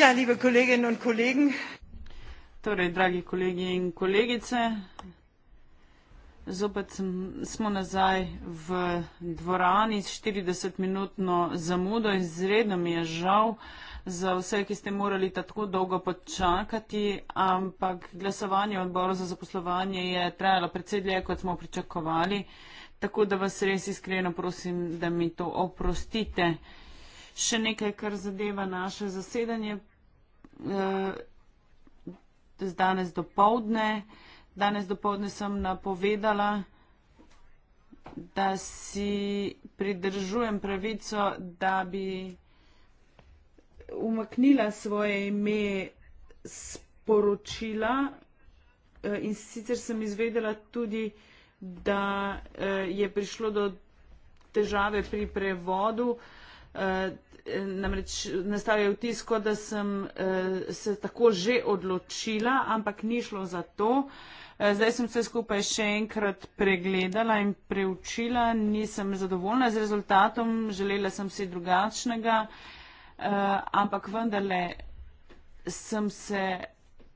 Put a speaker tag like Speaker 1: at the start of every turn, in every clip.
Speaker 1: Ja, liebe Kolleginnen und Kollegen. Torej, dragi kolegi in kolegice, zopet smo nazaj v dvorani s 40-minutno zamudo. Izredno mi je žal za vse, ki ste morali tako dolgo počakati, ampak glasovanje odbora za zaposlovanje je trajalo predvsej dlje, kot smo pričakovali. Tako da vas res iskreno prosim, da mi to oprostite. Še nekaj, kar zadeva naše zasedanje, eh, danes do povdne. Danes do povdne sem napovedala, da si pridržujem pravico, da bi umaknila svoje ime sporočila eh, in sicer sem izvedela tudi, da eh, je prišlo do težave pri prevodu. Eh, namreč nastavlja vtis, kot da sem eh, se tako že odločila, ampak ni šlo za to. Eh, zdaj sem vse skupaj še enkrat pregledala in preučila, nisem zadovoljna z rezultatom, želela sem se drugačnega, eh, ampak vendarle sem se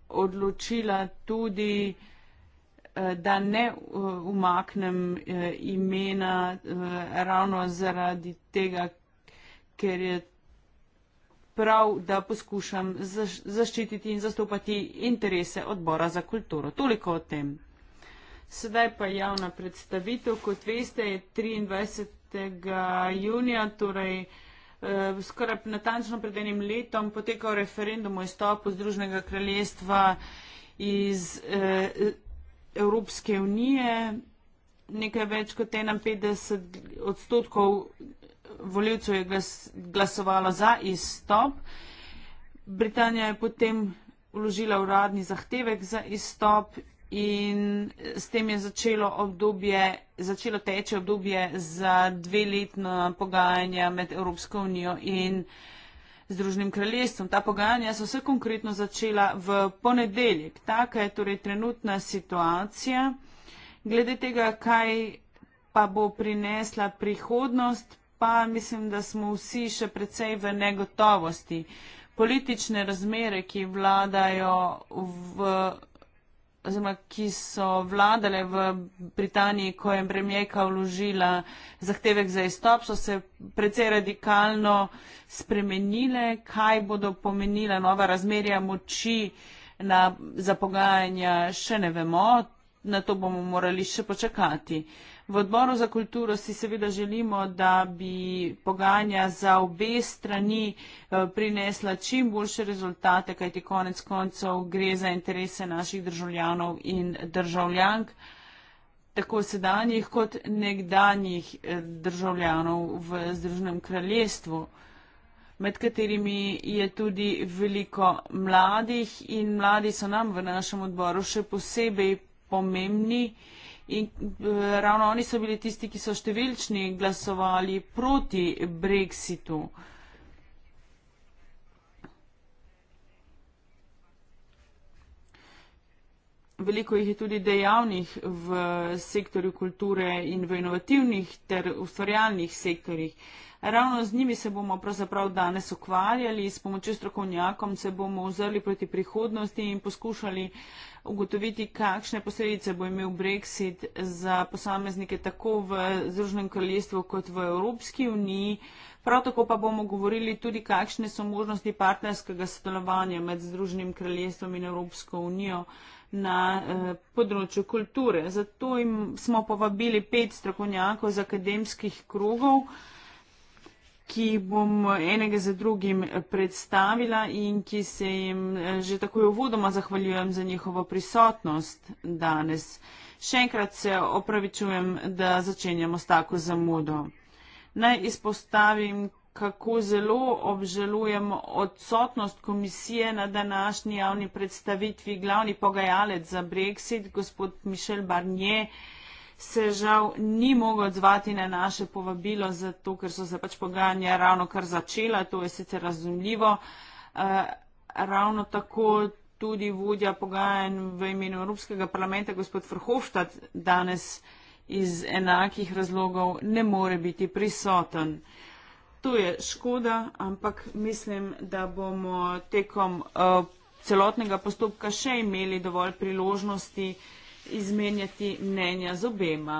Speaker 1: odločila tudi eh, da ne eh, umaknem eh, imena ravno zaradi tega, ker je prav, da poskušam zaščititi in zastopati interese odbora za kulturo. Toliko o tem. Sedaj pa javna predstavitev, kot veste, je 23. junija, torej eh, skoraj natančno pred enim letom potekal referendum o izstopu Združnega kraljestva iz eh, Evropske unije. Nekaj več kot 51 odstotkov voljivcev je glas, glasovalo za izstop. Britanija je potem uložila uradni zahtevek za izstop in s tem je začelo obdobje, začelo teče obdobje za dve letna pogajanja med Evropsko unijo in Združenim kraljestvom. Ta pogajanja so se konkretno začela v ponedeljek. Taka je torej trenutna situacija. Glede tega, kaj pa bo prinesla prihodnost, pa mislim, da smo vsi še precej v negotovosti. Politične razmere, ki vladajo v. Oziroma, ki so vladale v Britaniji, ko je premijerka vložila zahtevek za izstop, so se precej radikalno spremenile, kaj bodo pomenila nova razmerja moči na, za pogajanja, še ne vemo, na to bomo morali še počakati. Uh, V odboru za kulturo si seveda želimo, da bi pogajanja za obe strani eh, prinesla čim boljše rezultate, kajti konec koncev gre za interese naših državljanov in državljank, tako sedanjih kot nekdanjih eh, državljanov v Združenem kraljestvu med katerimi je tudi veliko mladih in mladi so nam v našem odboru še posebej pomembni. In eh, ravno oni so bili tisti, ki so številčni glasovali proti brexitu. Veliko jih je tudi dejavnih v sektorju kulture in v inovativnih ter ustvarjalnih sektorjih. Ravno z njimi se bomo pravzaprav danes ukvarjali, s pomočjo strokovnjakom se bomo ozrli proti prihodnosti in poskušali ugotoviti, kakšne posledice bo imel Brexit za posameznike tako v Združenem kraljestvu kot v Evropski uniji. Prav tako pa bomo govorili tudi, kakšne so možnosti partnerskega sodelovanja med Združenim kraljestvom in Evropsko unijo na eh, področju kulture. Zato smo povabili pet strokovnjakov z akademskih krugov, ki bom enega za drugim eh, predstavila in ki se jim eh, že takoj uvodoma zahvaljujem za njihovo prisotnost danes. Še enkrat se opravičujem, da začenjamo s tako zamudo. Naj izpostavim, kako zelo obžalujem odsotnost komisije na današnji javni predstavitvi. Glavni pogajalec za Brexit, gospod Mišel Barnier, se žal ni mogel odzvati na naše povabilo, zato ker so se pač pogajanja ravno kar začela, to je sicer razumljivo. Eh, ravno tako tudi vodja pogajanj v imenu Evropskega parlamenta, gospod Frhoftat, danes iz enakih razlogov ne more biti prisoten. Uh, to je škoda, ampak mislim, da bomo tekom uh, celotnega postopka še imeli dovolj priložnosti izmenjati mnenja z obema.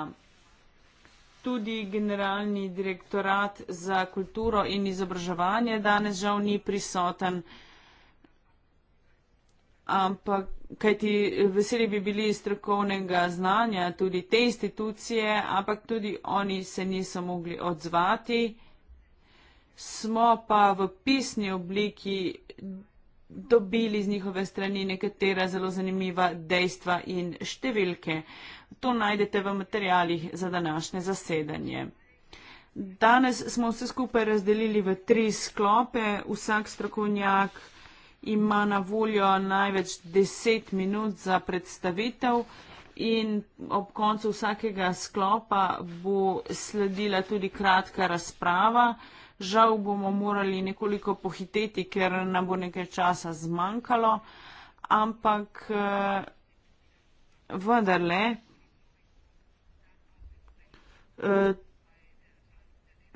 Speaker 1: Tudi generalni direktorat za kulturo in izobraževanje danes žal ni prisoten, ampak kajti veseli bi bili strokovnega znanja tudi te institucije, ampak tudi oni se niso mogli odzvati smo pa v pisni obliki dobili z njihove strani nekatera zelo zanimiva dejstva in številke. To najdete v materijalih za današnje zasedanje. Danes smo vse skupaj razdelili v tri sklope. Vsak strokovnjak ima na voljo največ deset minut za predstavitev in ob koncu vsakega sklopa bo sledila tudi kratka razprava. Žal bomo morali nekoliko pohiteti, ker nam bo nekaj časa zmanjkalo, ampak eh, vendarle. Eh,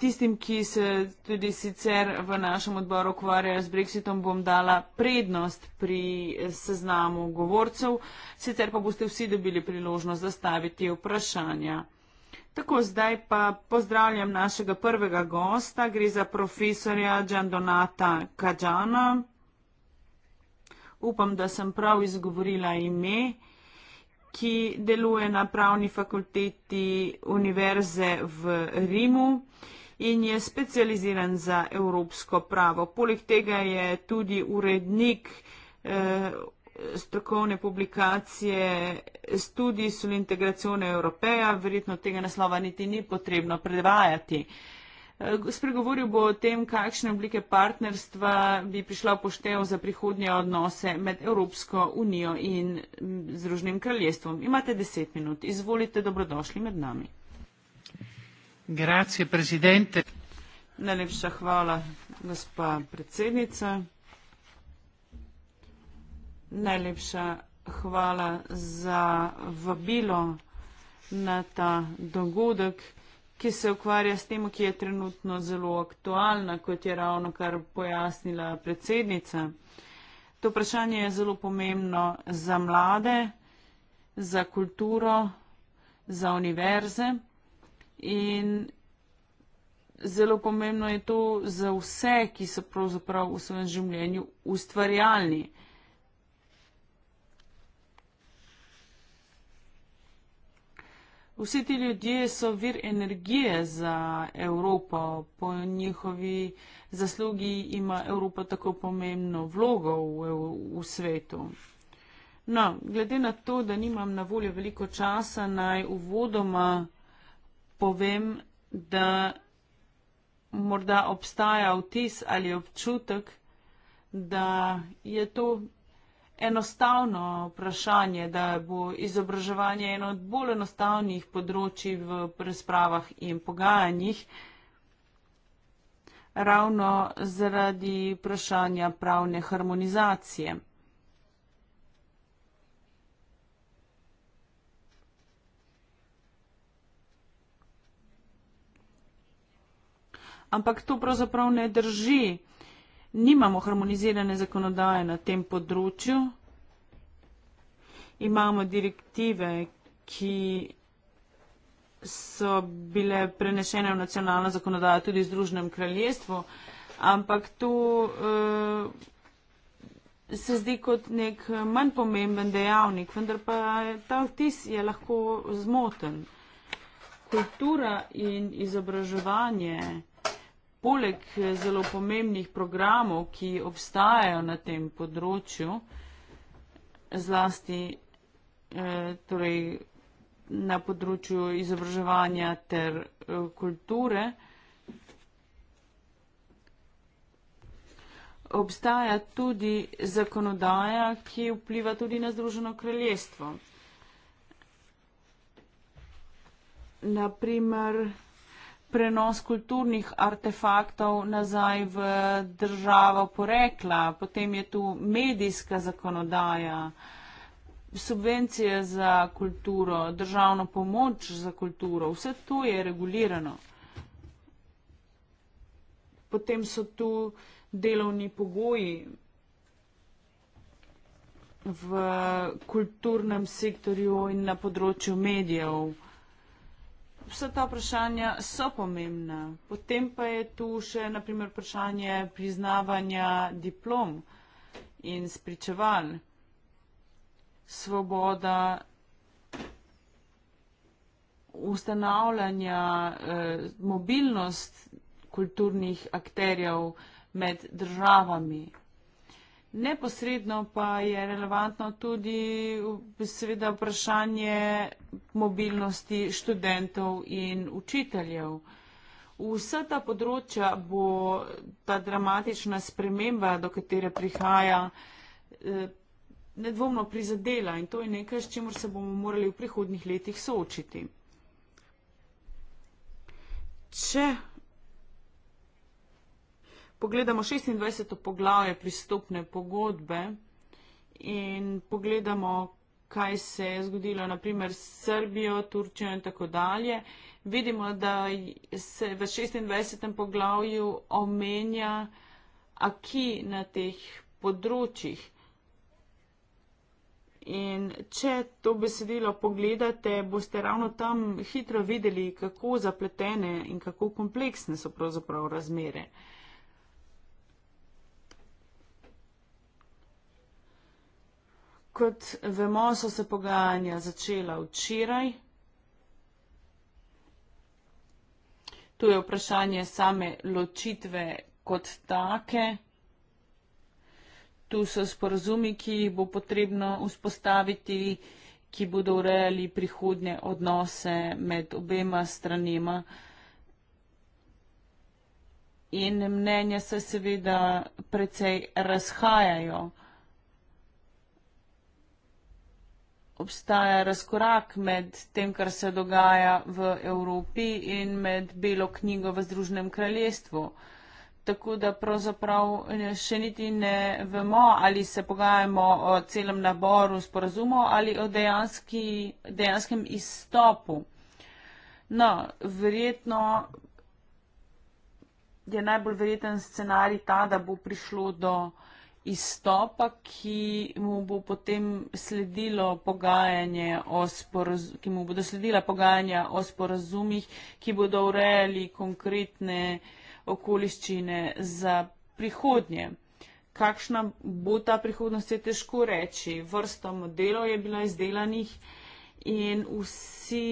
Speaker 1: tistim, ki se tudi sicer v našem odboru ukvarjajo z Brexitom, bom dala prednost pri eh, seznamu govorcev, sicer pa boste vsi dobili priložnost zastaviti vprašanja. Tako zdaj pa pozdravljam našega prvega gosta, gre za profesorja Džandonata Kađana. Upam, da sem prav izgovorila ime, ki deluje na pravni fakulteti Univerze v Rimu in je specializiran za evropsko pravo. Poleg tega je tudi urednik eh, strokovne publikacije Studij sull'integrazione europea, verjetno tega naslova niti ni potrebno predvajati. Eh, spregovoril bo o tem, kakšne oblike partnerstva bi prišla poštev za prihodnje odnose med Evropsko unijo in Združenim kraljestvom. Imate deset minut. Izvolite, dobrodošli med nami.
Speaker 2: Grazie,
Speaker 1: Najlepša hvala, gospa predsednica. Najlepša hvala za vabilo na ta dogodek, ki se ukvarja s tem, ki je trenutno zelo aktualna, kot je ravno kar pojasnila predsednica. To vprašanje je zelo pomembno za mlade, za kulturo, za univerze in zelo pomembno je to za vse, ki so pravzaprav v svojem življenju ustvarjalni. Vsi ti ljudje so vir energije za Evropo. Po njihovi zaslugi ima Evropa tako pomembno vlogo v, v svetu. No, glede na to, da nimam na voljo veliko časa, naj uvodoma povem, da morda obstaja vtis ali občutek, da je to enostavno vprašanje, da bo izobraževanje eno od bolj enostavnih področji v razpravah in pogajanjih, ravno zaradi vprašanja pravne harmonizacije. Ampak to pravzaprav ne drži nimamo harmonizirane zakonodaje na tem področju. Imamo direktive, ki so bile prenešene v nacionalno zakonodajo tudi v Združnem kraljestvu, ampak to uh, se zdi kot nek eh, manj pomemben dejavnik, vendar pa ta vtis je lahko zmoten. Kultura in izobraževanje poleg eh, zelo pomembnih programov, ki obstajajo na tem področju, zlasti eh, torej, na področju izobraževanja ter eh, kulture, obstaja tudi zakonodaja, ki vpliva tudi na Združeno kraljestvo. Naprimer, prenos kulturnih artefaktov nazaj v državo porekla, potem je tu medijska zakonodaja, subvencije za kulturo, državno pomoč za kulturo, vse to je regulirano. Potem so tu delovni pogoji v kulturnem sektorju in na področju medijev vsa ta vprašanja so pomembna. Potem pa je tu še naprimer vprašanje priznavanja diplom in spričeval. Svoboda ustanavljanja, eh, mobilnost kulturnih akterjev med državami. Neposredno pa je relevantno tudi seveda vprašanje mobilnosti študentov in učiteljev. Vsa ta področja bo ta dramatična sprememba, do katere prihaja, eh, nedvomno prizadela in to je nekaj, s čimer se bomo morali v prihodnih letih soočiti. Če pogledamo 26. poglavje pristopne pogodbe in pogledamo, kaj se je zgodilo, naprimer s Srbijo, Turčijo in tako dalje, vidimo, da se v 26. poglavju omenja aki na teh področjih. In če to besedilo pogledate, boste ravno tam hitro videli, kako zapletene in kako kompleksne so pravzaprav razmere. Uh, kot vemo, so se pogajanja začela včeraj. Tu je vprašanje same ločitve kot take. Tu so sporazumi, ki jih bo potrebno vzpostaviti, ki bodo urejali prihodnje odnose med obema stranima. In mnenja se seveda precej razhajajo. obstaja razkorak med tem, kar se dogaja v Evropi in med Belo knjigo v Združnem kraljestvu. Tako da pravzaprav eh, še niti ne vemo, ali se pogajamo o celem naboru sporazumov ali o dejanski, dejanskem izstopu. No, verjetno je najbolj verjeten scenarij ta, da bo prišlo do izstopa, ki mu bo potem sledilo pogajanje o, sporaz, ki mu bodo sledila pogajanja o sporazumih, ki bodo urejali konkretne okoliščine za prihodnje. Kakšna bo ta prihodnost, je težko reči. Vrsto modelov je bila izdelanih in vsi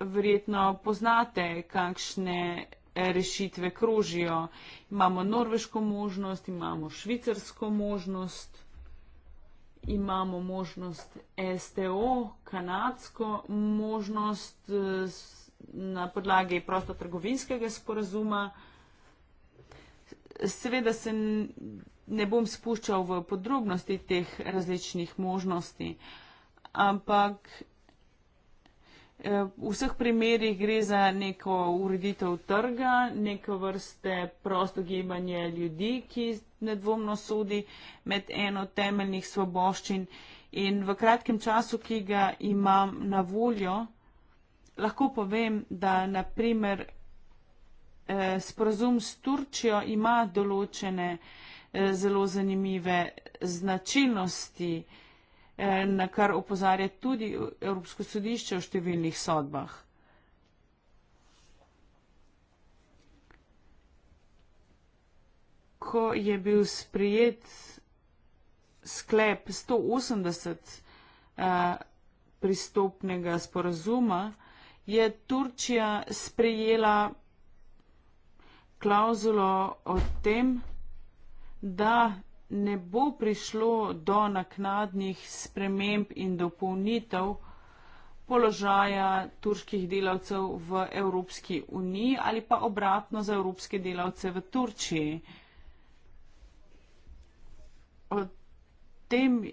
Speaker 1: verjetno poznate, kakšne rešitve krožijo. Imamo norveško možnost, imamo švicarsko možnost, imamo možnost STO, kanadsko možnost eh, na podlagi prostotrgovinskega sporazuma. Seveda se ne bom spuščal v podrobnosti teh različnih možnosti, ampak Eh, v vseh primerjih gre za neko ureditev trga, neko vrste prosto gibanje ljudi, ki nedvomno sodi med eno temeljnih svoboščin. In v kratkem času, ki ga imam na voljo, lahko povem, da naprimer eh, sporazum s Turčjo ima določene eh, zelo zanimive značilnosti. Eh, na kar opozarja tudi Evropsko sodišče v številnih sodbah. Ko je bil sprejet sklep 180 eh, pristopnega sporazuma, je Turčija sprejela klauzulo o tem, da ne bo prišlo do naknadnih sprememb in dopolnitev položaja turških delavcev v Evropski uniji ali pa obratno za evropske delavce v Turčiji. O tem eh,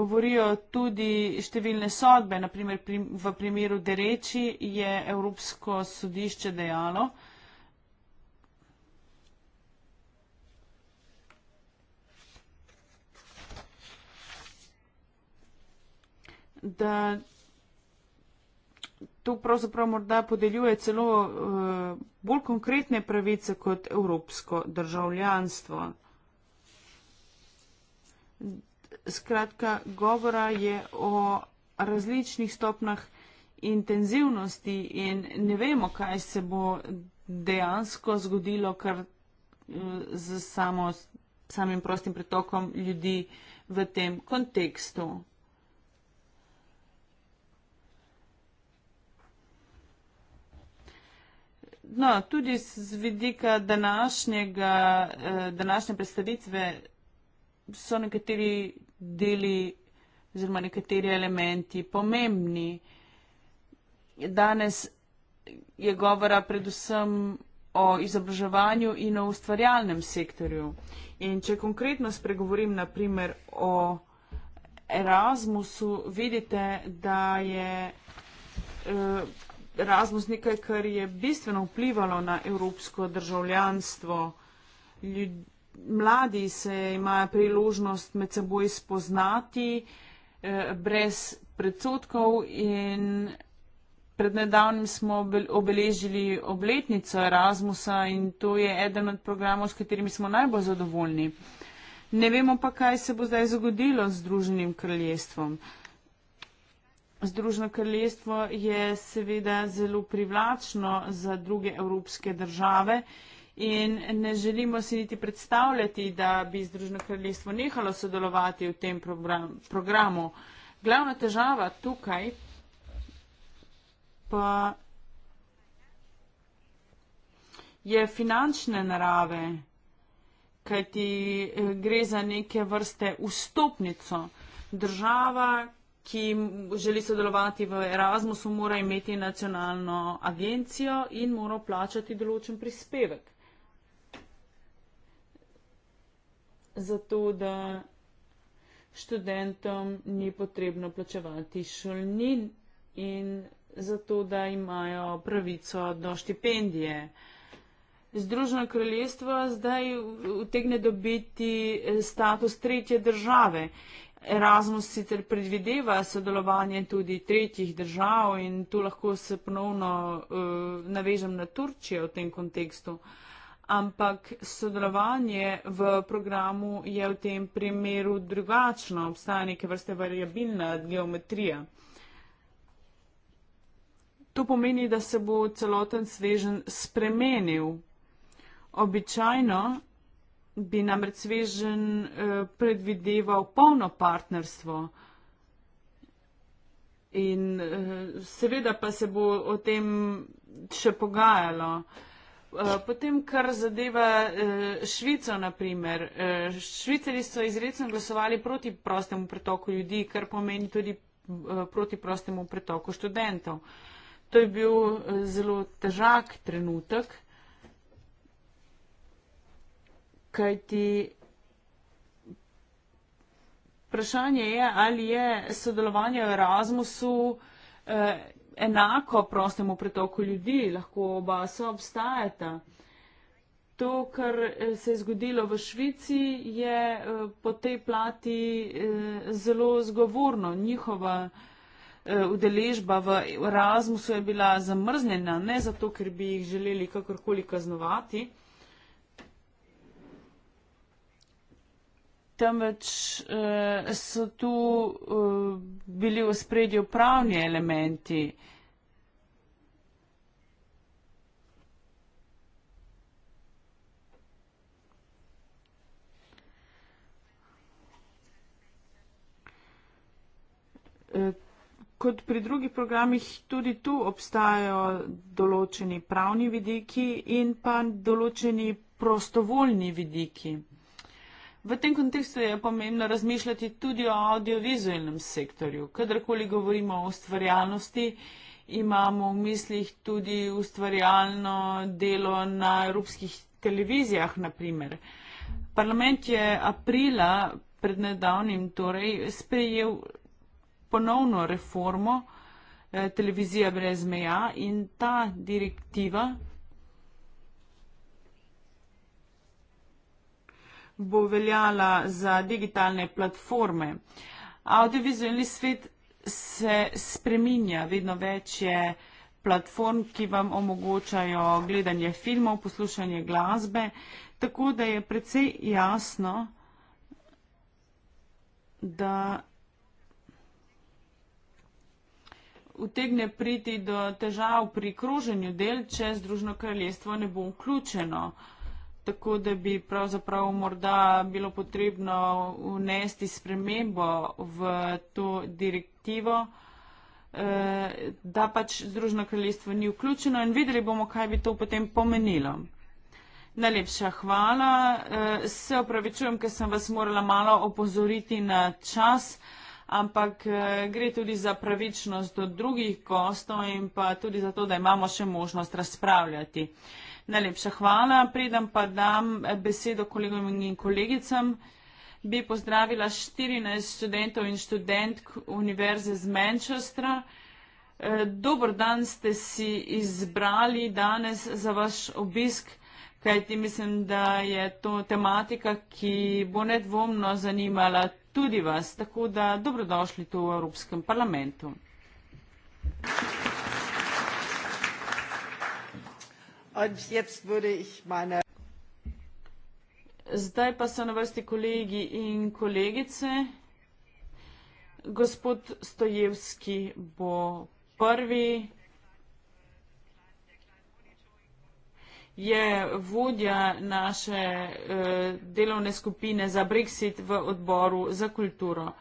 Speaker 1: govorijo tudi številne sodbe, naprimer v primeru Dereči je Evropsko sodišče dejalo, da to pravzaprav morda podeljuje celo uh, bolj konkretne pravice kot evropsko državljanstvo. Skratka, govora je o različnih stopnah intenzivnosti in ne vemo, kaj se bo dejansko zgodilo, kar eh, z samo, samim prostim pretokom ljudi v tem kontekstu. No, tudi z vidika današnjega, eh, današnje predstavitve so nekateri deli oziroma nekateri elementi pomembni. Danes je govora predvsem o izobraževanju in o ustvarjalnem sektorju. In če konkretno spregovorim naprimer o Erasmusu, vidite, da je. Eh, Erasmus nekaj, kar je bistveno vplivalo na evropsko državljanstvo. Ljud, mladi se imajo priložnost med seboj spoznati eh, brez predsotkov in pred nedavnim smo obeležili obletnico Erasmusa in to je eden od programov, s katerimi smo najbolj zadovoljni. Ne vemo pa, kaj se bo zdaj zgodilo z Združenim kraljestvom. Združeno kraljestvo je seveda zelo privlačno za druge evropske države in ne želimo si niti predstavljati, da bi Združeno kraljestvo nehalo sodelovati v tem programu. Glavna težava tukaj pa je finančne narave, kajti eh, gre za neke vrste vstopnico. Država, ki želi sodelovati v Erasmusu, mora imeti nacionalno agencijo in mora plačati določen prispevek. Zato, da študentom ni potrebno plačevati šolnin in zato, da imajo pravico do štipendije. Združeno kraljestvo zdaj utegne dobiti eh, status tretje države Erasmus sicer predvideva sodelovanje tudi tretjih držav in tu lahko se ponovno uh, navežem na Turčijo v tem kontekstu, ampak sodelovanje v programu je v tem primeru drugačno, obstaja neke vrste variabilna geometrija. To pomeni, da se bo celoten svežen spremenil. Običajno bi namreč svežen eh, predvideval polno partnerstvo. In eh, seveda pa se bo o tem še pogajalo. Eh, potem, kar zadeva Švico, naprimer. Švicari so izredno glasovali proti prostemu pretoku ljudi, kar pomeni tudi proti prostemu pretoku študentov. To je bil zelo težak trenutek. Kaj ti vprašanje je, ali je sodelovanje v Erasmusu eh, enako prostemu pretoku ljudi, lahko oba so obstajata. To, kar eh, se je zgodilo v Švici, je eh, po tej plati eh, zelo zgovorno. Njihova udeležba v Erasmusu je bila zamrznjena, ne zato, ker bi jih želeli kakorkoli kaznovati, temveč uh, so tu uh, bili v spredju pravni elementi. Eh, kot pri drugih programih, tudi tu obstajajo določeni pravni vidiki in pa določeni prostovoljni vidiki. V tem kontekstu je pomembno razmišljati tudi o audiovizualnem sektorju. Kadarkoli govorimo o ustvarjalnosti, imamo v mislih tudi ustvarjalno delo na evropskih televizijah, naprimer. Parlament je aprila pred nedavnim torej sprejel ponovno reformo eh, televizija brez meja in ta direktiva bo veljala za digitalne platforme. Audiovizualni svet se spreminja, vedno več je platform, ki vam omogočajo gledanje filmov, poslušanje glasbe, tako da je precej jasno, da utegne priti do težav pri kroženju del, če združno kraljestvo ne bo vključeno. Uh, tako da bi pravzaprav morda bilo potrebno unesti spremembo v to direktivo, eh, da pač Združeno kraljestvo ni vključeno in videli bomo, kaj bi to potem pomenilo. Najlepša hvala. Eh, se opravičujem, ker sem vas morala malo opozoriti na čas. Ampak eh, gre tudi za pravičnost do drugih gostov in pa tudi za to, da imamo še možnost razpravljati. Najlepša hvala. Predem pa dam besedo kolegom in kolegicam. Bi pozdravila 14 študentov in študentk Univerze z Manchestra. Dobro dan ste si izbrali danes za vaš obisk, kajti mislim, da je to tematika, ki bo nedvomno zanimala tudi vas. Tako da dobrodošli tu v Evropskem parlamentu. Thank you. Zdaj pa so na vrsti kolegi in kolegice. Gospod Stojevski bo prvi. Je vodja naše uh, delovne skupine za Brexit v odboru za kulturo.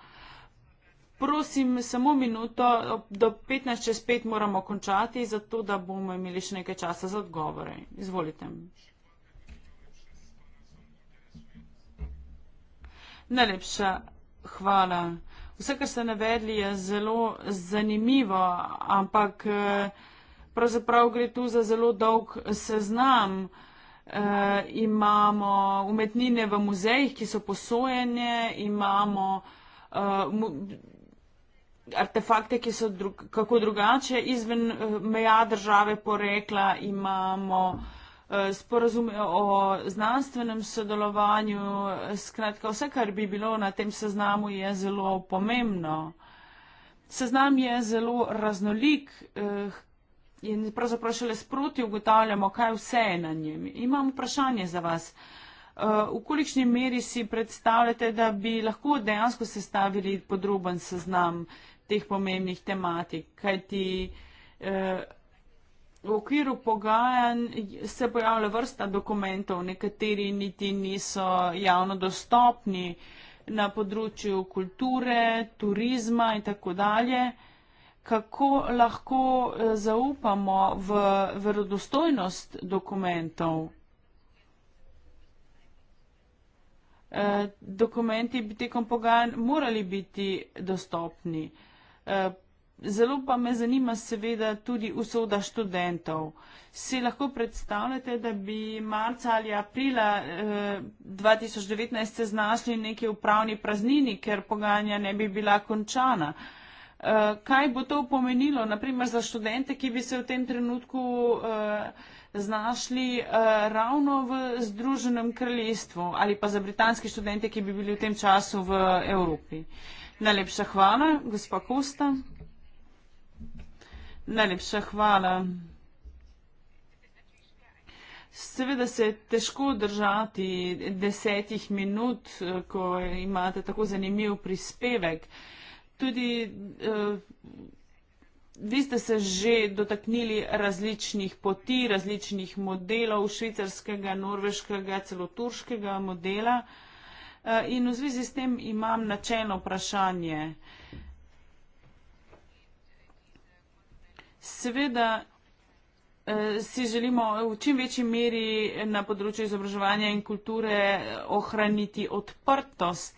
Speaker 1: Prosim, samo minuto, do 15 čez 5 moramo končati, zato da bomo imeli še nekaj časa za odgovore. Izvolite. Najlepša hvala. Vse, kar ste navedli, je zelo zanimivo, ampak eh, pravzaprav gre tu za zelo dolg seznam. E, imamo umetnine v muzejih, ki so posojene, imamo. E, mu, artefakte, ki so dru kako drugače izven eh, meja države porekla, imamo eh, sporazume o znanstvenem sodelovanju, eh, skratka vse, kar bi bilo na tem seznamu, je zelo pomembno. Seznam je zelo raznolik in pravzaprav šele sproti ugotavljamo, kaj vse je na njem. Imam vprašanje za vas. V kolikšni meri si predstavljate, da bi lahko dejansko sestavili podroben seznam teh pomembnih tematik, kajti eh, v okviru pogajanj se pojavlja vrsta dokumentov, nekateri niti niso javno dostopni na področju kulture, turizma in tako dalje. Kako lahko eh, zaupamo v verodostojnost dokumentov? Eh, dokumenti bi tekom pogajanj morali biti dostopni. Eh, Eh, zelo pa me zanima seveda tudi usoda študentov. Si lahko predstavljate, da bi marca ali aprila 2019 eh, se znašli neki upravni praznini, ker pogajanja ne bi bila končana? Eh, kaj bo to pomenilo, naprimer, za študente, ki bi se v tem trenutku znašli ravno v Združenem kraljestvu ali pa za britanske študente, ki bi bili v tem času v Evropi? Najlepša hvala, gospa Kosta. Najlepša hvala. Seveda se je težko držati desetih minut, ko imate tako zanimiv prispevek. Tudi eh, vi ste se že dotaknili različnih poti, različnih modelov švicarskega, norveškega, celo turškega modela. Eh, in v zvezi s tem imam načelno vprašanje. Seveda eh, si želimo v čim večji meri na področju izobraževanja in kulture ohraniti odprtost.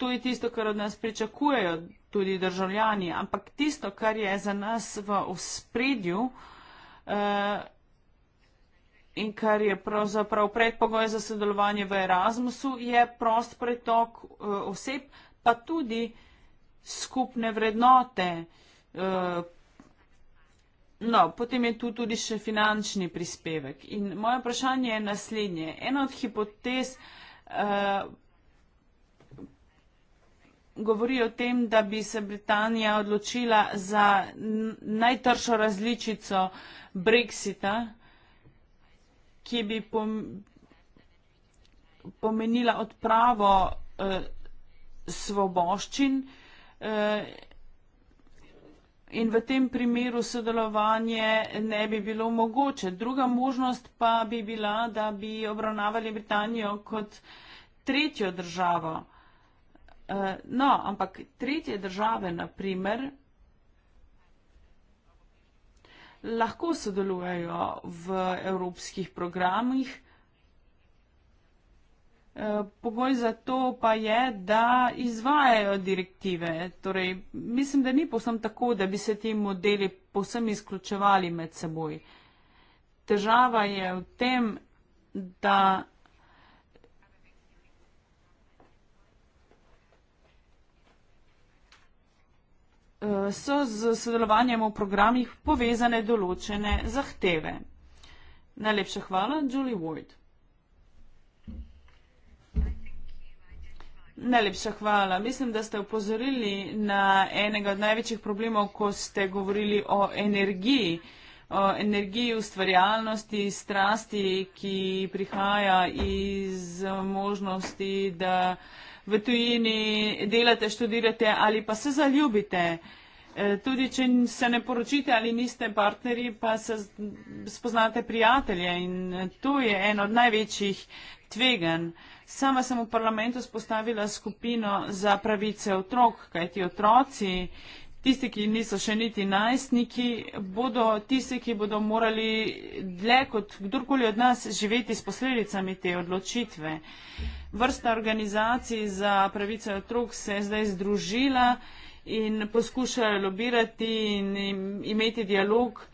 Speaker 1: To je tisto, kar od nas pričakujejo tudi državljani, ampak tisto, kar je za nas v ospredju, eh, in kar je pravzaprav predpogoj za sodelovanje v Erasmusu, je prost pretok eh, oseb, pa tudi skupne vrednote. Eh, no, potem je tu tudi še finančni prispevek. In moje vprašanje je naslednje. Ena od hipotez eh, govori o tem, da bi se Britanija odločila za najtršo različico Brexita, ki bi pom, pomenila odpravo eh, svoboščin eh, in v tem primeru sodelovanje ne bi bilo mogoče. Druga možnost pa bi bila, da bi obravnavali Britanijo kot tretjo državo. Eh, no, ampak tretje države, naprimer, lahko sodelujejo v evropskih programih. E, pogoj za to pa je, da izvajajo direktive. Torej, mislim, da ni posem tako, da bi se ti modeli posem izključevali med seboj. Težava je v tem, da so z sodelovanjem v programih povezane določene zahteve. Najlepša hvala, Julie Ward. Najlepša hvala. Mislim, da ste upozorili na enega od največjih problemov, ko ste govorili o energiji, o energiji ustvarjalnosti, strasti, ki prihaja iz možnosti, da v tujini delate, študirate ali pa se zaljubite. E, tudi, če se ne poročite ali niste partnerji, pa se spoznate prijatelje in to je en od največjih tvegan. Sama sem v parlamentu spostavila skupino za pravice otrok, kajti otroci tisti, ki niso še niti najstniki, bodo tisti, ki bodo morali dlje kot kdorkoli od nas živeti s posledicami te odločitve. Vrsta organizacij za pravice otrok se je zdaj združila in poskušajo lobirati in imeti dialog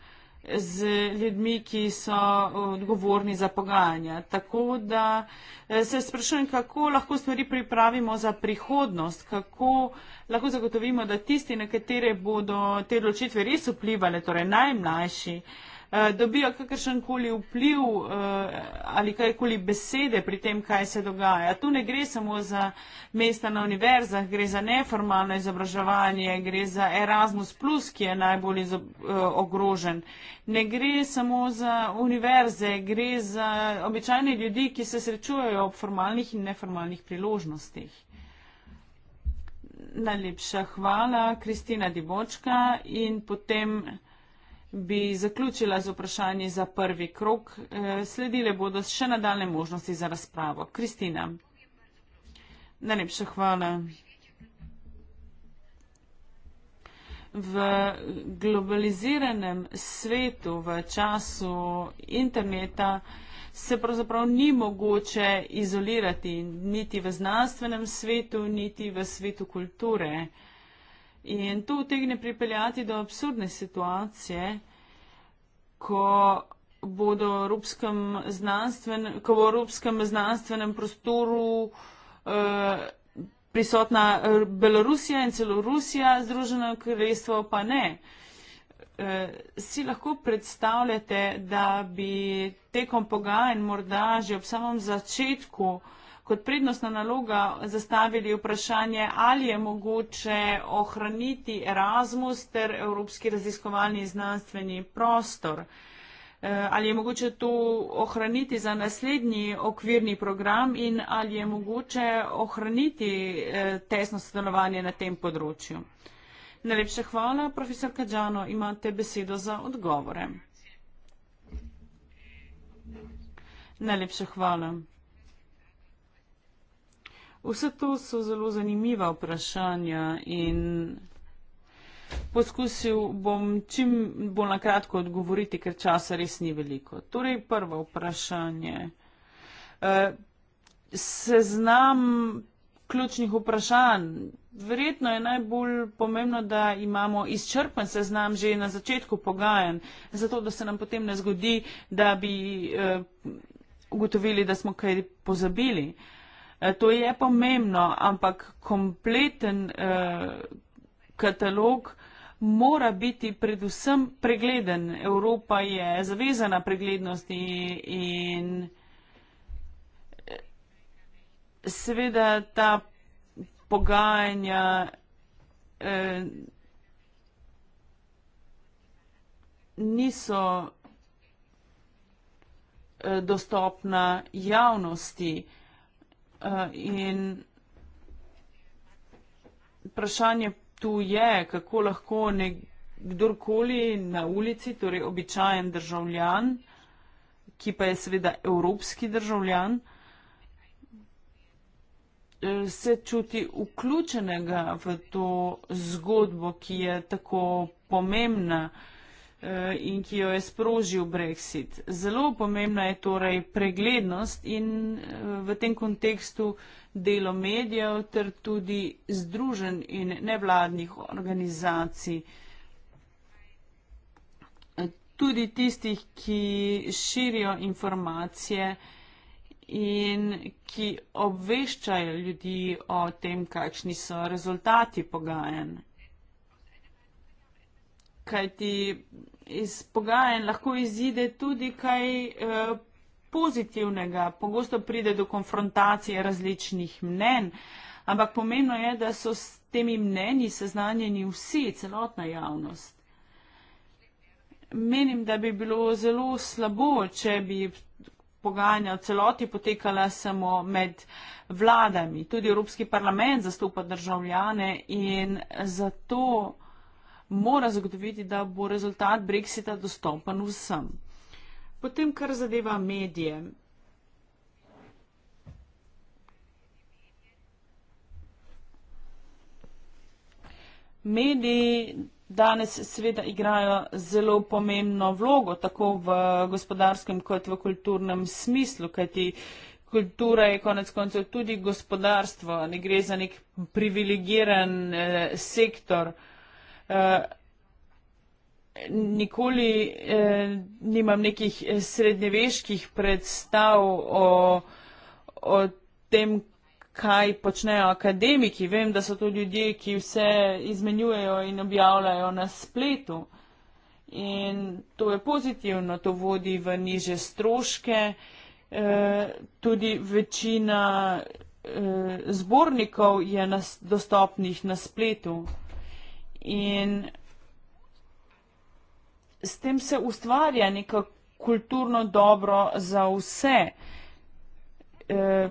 Speaker 1: z ljudmi, ki so odgovorni za pogajanja. Tako da eh, se sprašujem, kako lahko stvari pripravimo za prihodnost, kako lahko zagotovimo, da tisti, na katere bodo te odločitve res vplivali, torej najmlajši, Eh, dobijo kakršen koli vpliv eh, ali kajkoli besede pri tem, kaj se dogaja. Tu ne gre samo za mesta na univerzah, gre za neformalno izobraževanje, gre za Erasmus, ki je najbolj eh, ogrožen. Ne gre samo za univerze, gre za običajne ljudi, ki se srečujejo ob formalnih in neformalnih priložnostih. Najlepša hvala, Kristina Dibočka in potem bi zaključila z vprašanji za prvi krok. Eh, sledile bodo še nadaljne možnosti za razpravo. Kristina. Najlepša hvala. V globaliziranem svetu, v času interneta, se pravzaprav ni mogoče izolirati niti v znanstvenem svetu, niti v svetu kulture. In to utegne pripeljati do absurdne situacije, ko bodo v evropskem znanstven, znanstvenem prostoru eh, prisotna eh, Belorusija in celo Rusija, Združeno kraljestvo pa ne. Eh, si lahko predstavljate, da bi tekom pogajanj morda že ob samem začetku eh, kot prednostna naloga zastavili vprašanje, ali je mogoče ohraniti Erasmus ter Evropski raziskovalni znanstveni prostor. Eh, ali je mogoče to ohraniti za naslednji okvirni program in ali je mogoče ohraniti eh, tesno sodelovanje na tem področju? Najlepša hvala, profesor Kadžano, imate besedo za odgovore. Najlepša hvala. Vse to so zelo zanimiva vprašanja in poskusil bom čim bolj nakratko odgovoriti, ker časa res ni veliko. Torej, prvo vprašanje. E, seznam ključnih vprašanj. Verjetno je najbolj pomembno, da imamo izčrpen seznam že na začetku pogajan, zato da se nam potem ne zgodi, da bi eh, ugotovili, da smo kaj pozabili. Eh, Eh, to je pomembno, ampak kompleten eh, katalog mora biti predvsem pregleden. Evropa je zavezana preglednosti in eh, seveda ta pogajanja niso dostopna javnosti. Eh, in vprašanje tu je, kako lahko nekdorkoli na ulici, torej običajen državljan, ki pa je seveda evropski državljan, eh, se čuti vključenega v to zgodbo, ki je tako pomembna. Uh, Eh, in ki jo je sprožil brexit. Zelo pomembna je torej preglednost in eh, v tem kontekstu delo medijev ter tudi združen in nevladnih organizacij. Tudi tistih, ki širijo informacije in ki obveščajo ljudi o tem, kakšni so rezultati pogajanj kaj ti iz pogajanj lahko izide tudi kaj eh, pozitivnega. Pogosto pride do konfrontacije različnih mnen, ampak pomembno je, da so s temi mnenji seznanjeni vsi, celotna javnost. Menim, da bi bilo zelo slabo, če bi pogajanja celoti potekala samo med vladami. Tudi Evropski parlament zastopa državljane in zato mora zagotoviti, da bo rezultat brexita dostopen vsem. Potem, kar zadeva medije. Mediji danes seveda igrajo zelo pomembno vlogo, tako v gospodarskem kot v kulturnem smislu, kajti kultura je konec koncev tudi gospodarstvo, ne gre za nek privilegiran eh, sektor. Eh, Eh, nikoli eh, nimam nekih eh, srednjeveških predstav o, o tem, kaj počnejo akademiki. Vem, da so to ljudje, ki vse izmenjujejo in objavljajo na spletu. In to je pozitivno, to vodi v niže stroške. E, tudi večina e, zbornikov je nas, dostopnih na spletu. In s tem se ustvarja neko kulturno dobro za vse. E,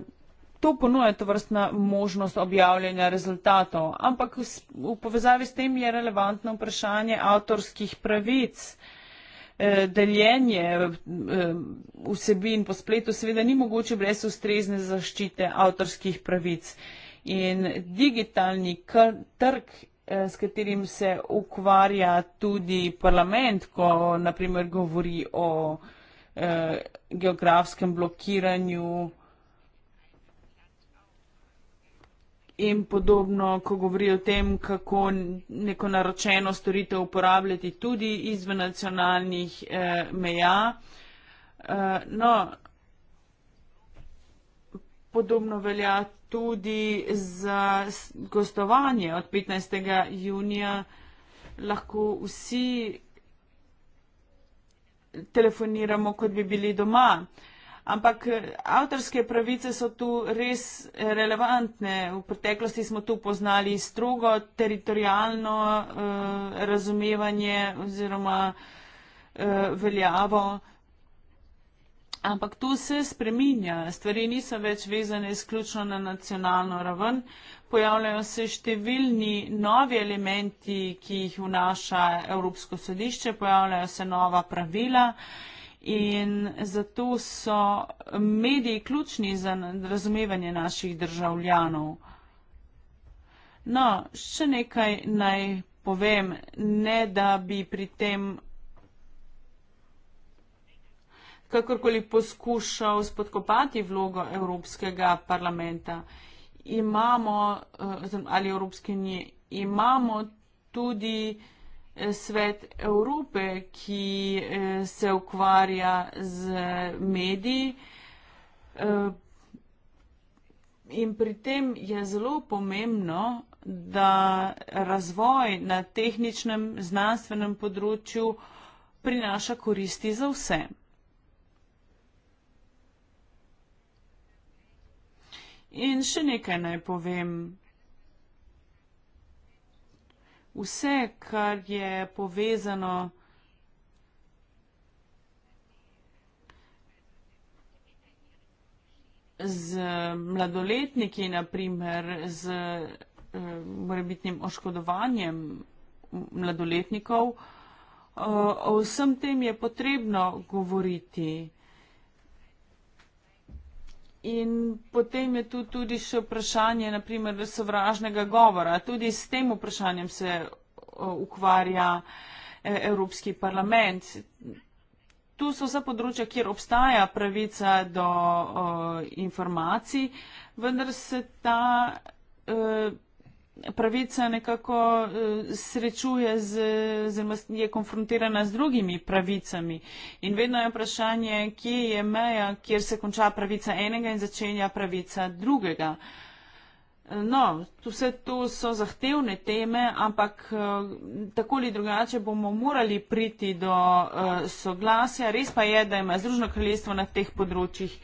Speaker 1: to ponuja to vrstna možnost objavljanja rezultatov, ampak v, v povezavi s tem je relevantno vprašanje avtorskih pravic. E, deljenje e, vsebin po spletu seveda ni mogoče brez ustrezne zaščite avtorskih pravic. In digitalni trg Eh, s katerim se ukvarja tudi parlament, ko naprimer govori o eh, geografskem blokiranju in podobno, ko govori o tem, kako neko naročeno storitev uporabljati tudi izven nacionalnih eh, meja. Eh, no, podobno velja tudi za gostovanje od 15. junija. Lahko vsi telefoniramo, kot bi bili doma. Ampak eh, avtorske pravice so tu res relevantne. V preteklosti smo tu poznali strogo teritorijalno eh, razumevanje oziroma eh, veljavo Ampak to se spreminja, stvari niso več vezane izključno na nacionalno raven, pojavljajo se številni novi elementi, ki jih vnaša Evropsko sodišče, pojavljajo se nova pravila in zato so mediji ključni za razumevanje naših državljanov. No, še nekaj naj povem, ne da bi pri tem kakorkoli poskušal spodkopati vlogo Evropskega parlamenta imamo, eh, ali Evropske unije, imamo tudi eh, svet Evrope, ki eh, se ukvarja z mediji. In pri tem je zelo pomembno, da razvoj na tehničnem, znanstvenem področju prinaša koristi za vse. In še nekaj naj povem. Vse, kar je povezano z mladoletniki, naprimer z eh, morebitnim oškodovanjem mladoletnikov, eh, o vsem tem je potrebno govoriti. In potem je tu tudi še vprašanje, naprimer, sovražnega govora. Tudi s tem vprašanjem se eh, ukvarja eh, Evropski parlament. Tu so vsa področja, kjer obstaja pravica do uh, informacij, vendar se ta uh, pravica nekako eh, srečuje z, z, je konfrontirana z drugimi pravicami. In vedno je vprašanje, kje je meja, kjer se konča pravica enega in začenja pravica drugega. Eh, no, vse to so zahtevne teme, ampak eh, tako ali drugače bomo morali priti do soglasja. Res pa je, da ima Združeno kraljestvo na teh področjih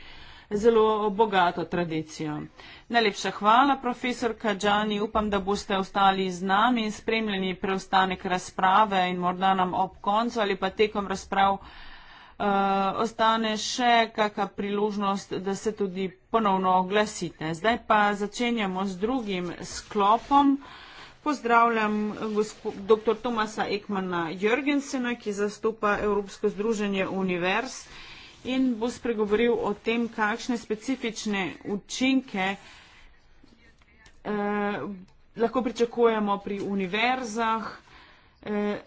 Speaker 1: zelo bogato tradicijo. Najlepša hvala, profesor Kajani. Upam, da boste ostali z nami in spremljali preostanek razprave in morda nam ob koncu ali pa tekom razprav uh, ostane še kakšna priložnost, da se tudi ponovno oglasite. Zdaj pa začenjamo z drugim sklopom. Pozdravljam dr. Tomasa Ekmana Jürgensena, ki zastopa Evropsko združenje univerz in bo spregovoril o tem, kakšne specifične učinke eh, lahko pričakujemo pri univerzah, eh,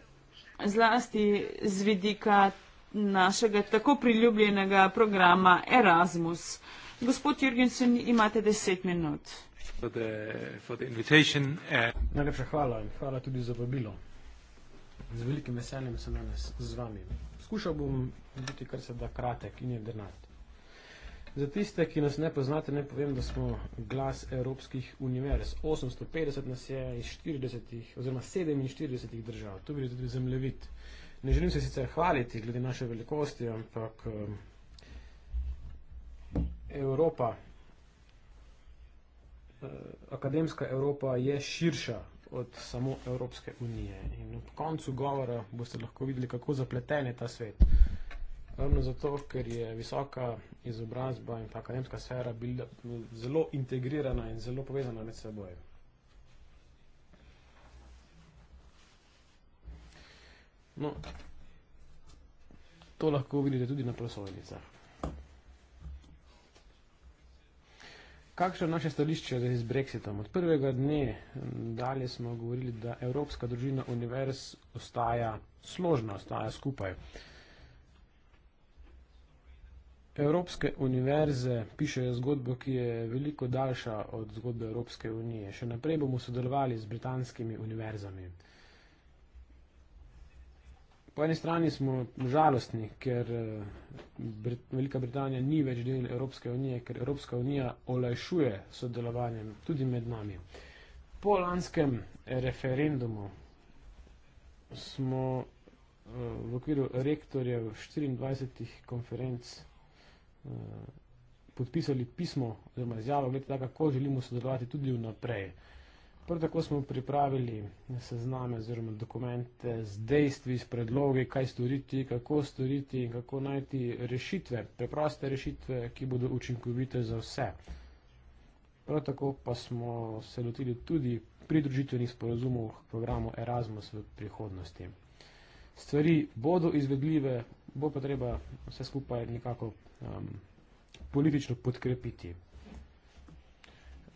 Speaker 1: zlasti z vidika našega tako priljubljenega programa Erasmus. Gospod Jürgensen, imate deset minut.
Speaker 2: For the, for the invitation, uh... Najlepša hvala in hvala tudi za vabilo. Z velikim veseljem sem danes z vami. Poskušal bom biti kar se da kratek in je denat. Za tiste, ki nas ne poznate, ne povem, da smo glas Evropskih univerz. 850 nas je iz 40, oziroma 47 držav. To bi bilo tudi zemljevit. Ne želim se sicer hvaliti glede naše velikosti, ampak um, Evropa, uh, akademska Evropa je širša od samo Evropske unije. In ob koncu govora boste lahko videli, kako zapleten je ta svet. Ravno zato, ker je visoka izobrazba in akademska sfera bila zelo integrirana in zelo povezana med seboj. No, to lahko vidite tudi na prosojnicah. Kakšno je naše stališče z Brexitom? Od prvega dne dalje smo govorili, da Evropska družina univerz ostaja složna, ostaja skupaj. Evropske univerze pišejo zgodbo, ki je veliko daljša od zgodbe Evropske unije. Še naprej bomo sodelovali z britanskimi univerzami. Po eni strani smo žalostni, ker eh, Velika Britanija ni več del Evropske unije, ker Evropska unija olajšuje sodelovanje tudi med nami. Po lanskem referendumu smo eh, v okviru rektorjev 24 konferenc eh, podpisali pismo oziroma izjavo, gledajte, kako želimo sodelovati tudi vnaprej. naprej. Prav tako smo pripravili sezname oziroma dokumente z dejstvi, s predlogi, kaj storiti, kako storiti in kako najti rešitve, preproste rešitve, ki bodo učinkovite za vse. Prav tako pa smo se lotili tudi pridružitvenih sporozumov k programu Erasmus v prihodnosti. Stvari bodo izvedljive, bo pa treba vse skupaj nekako um, politično podkrepiti.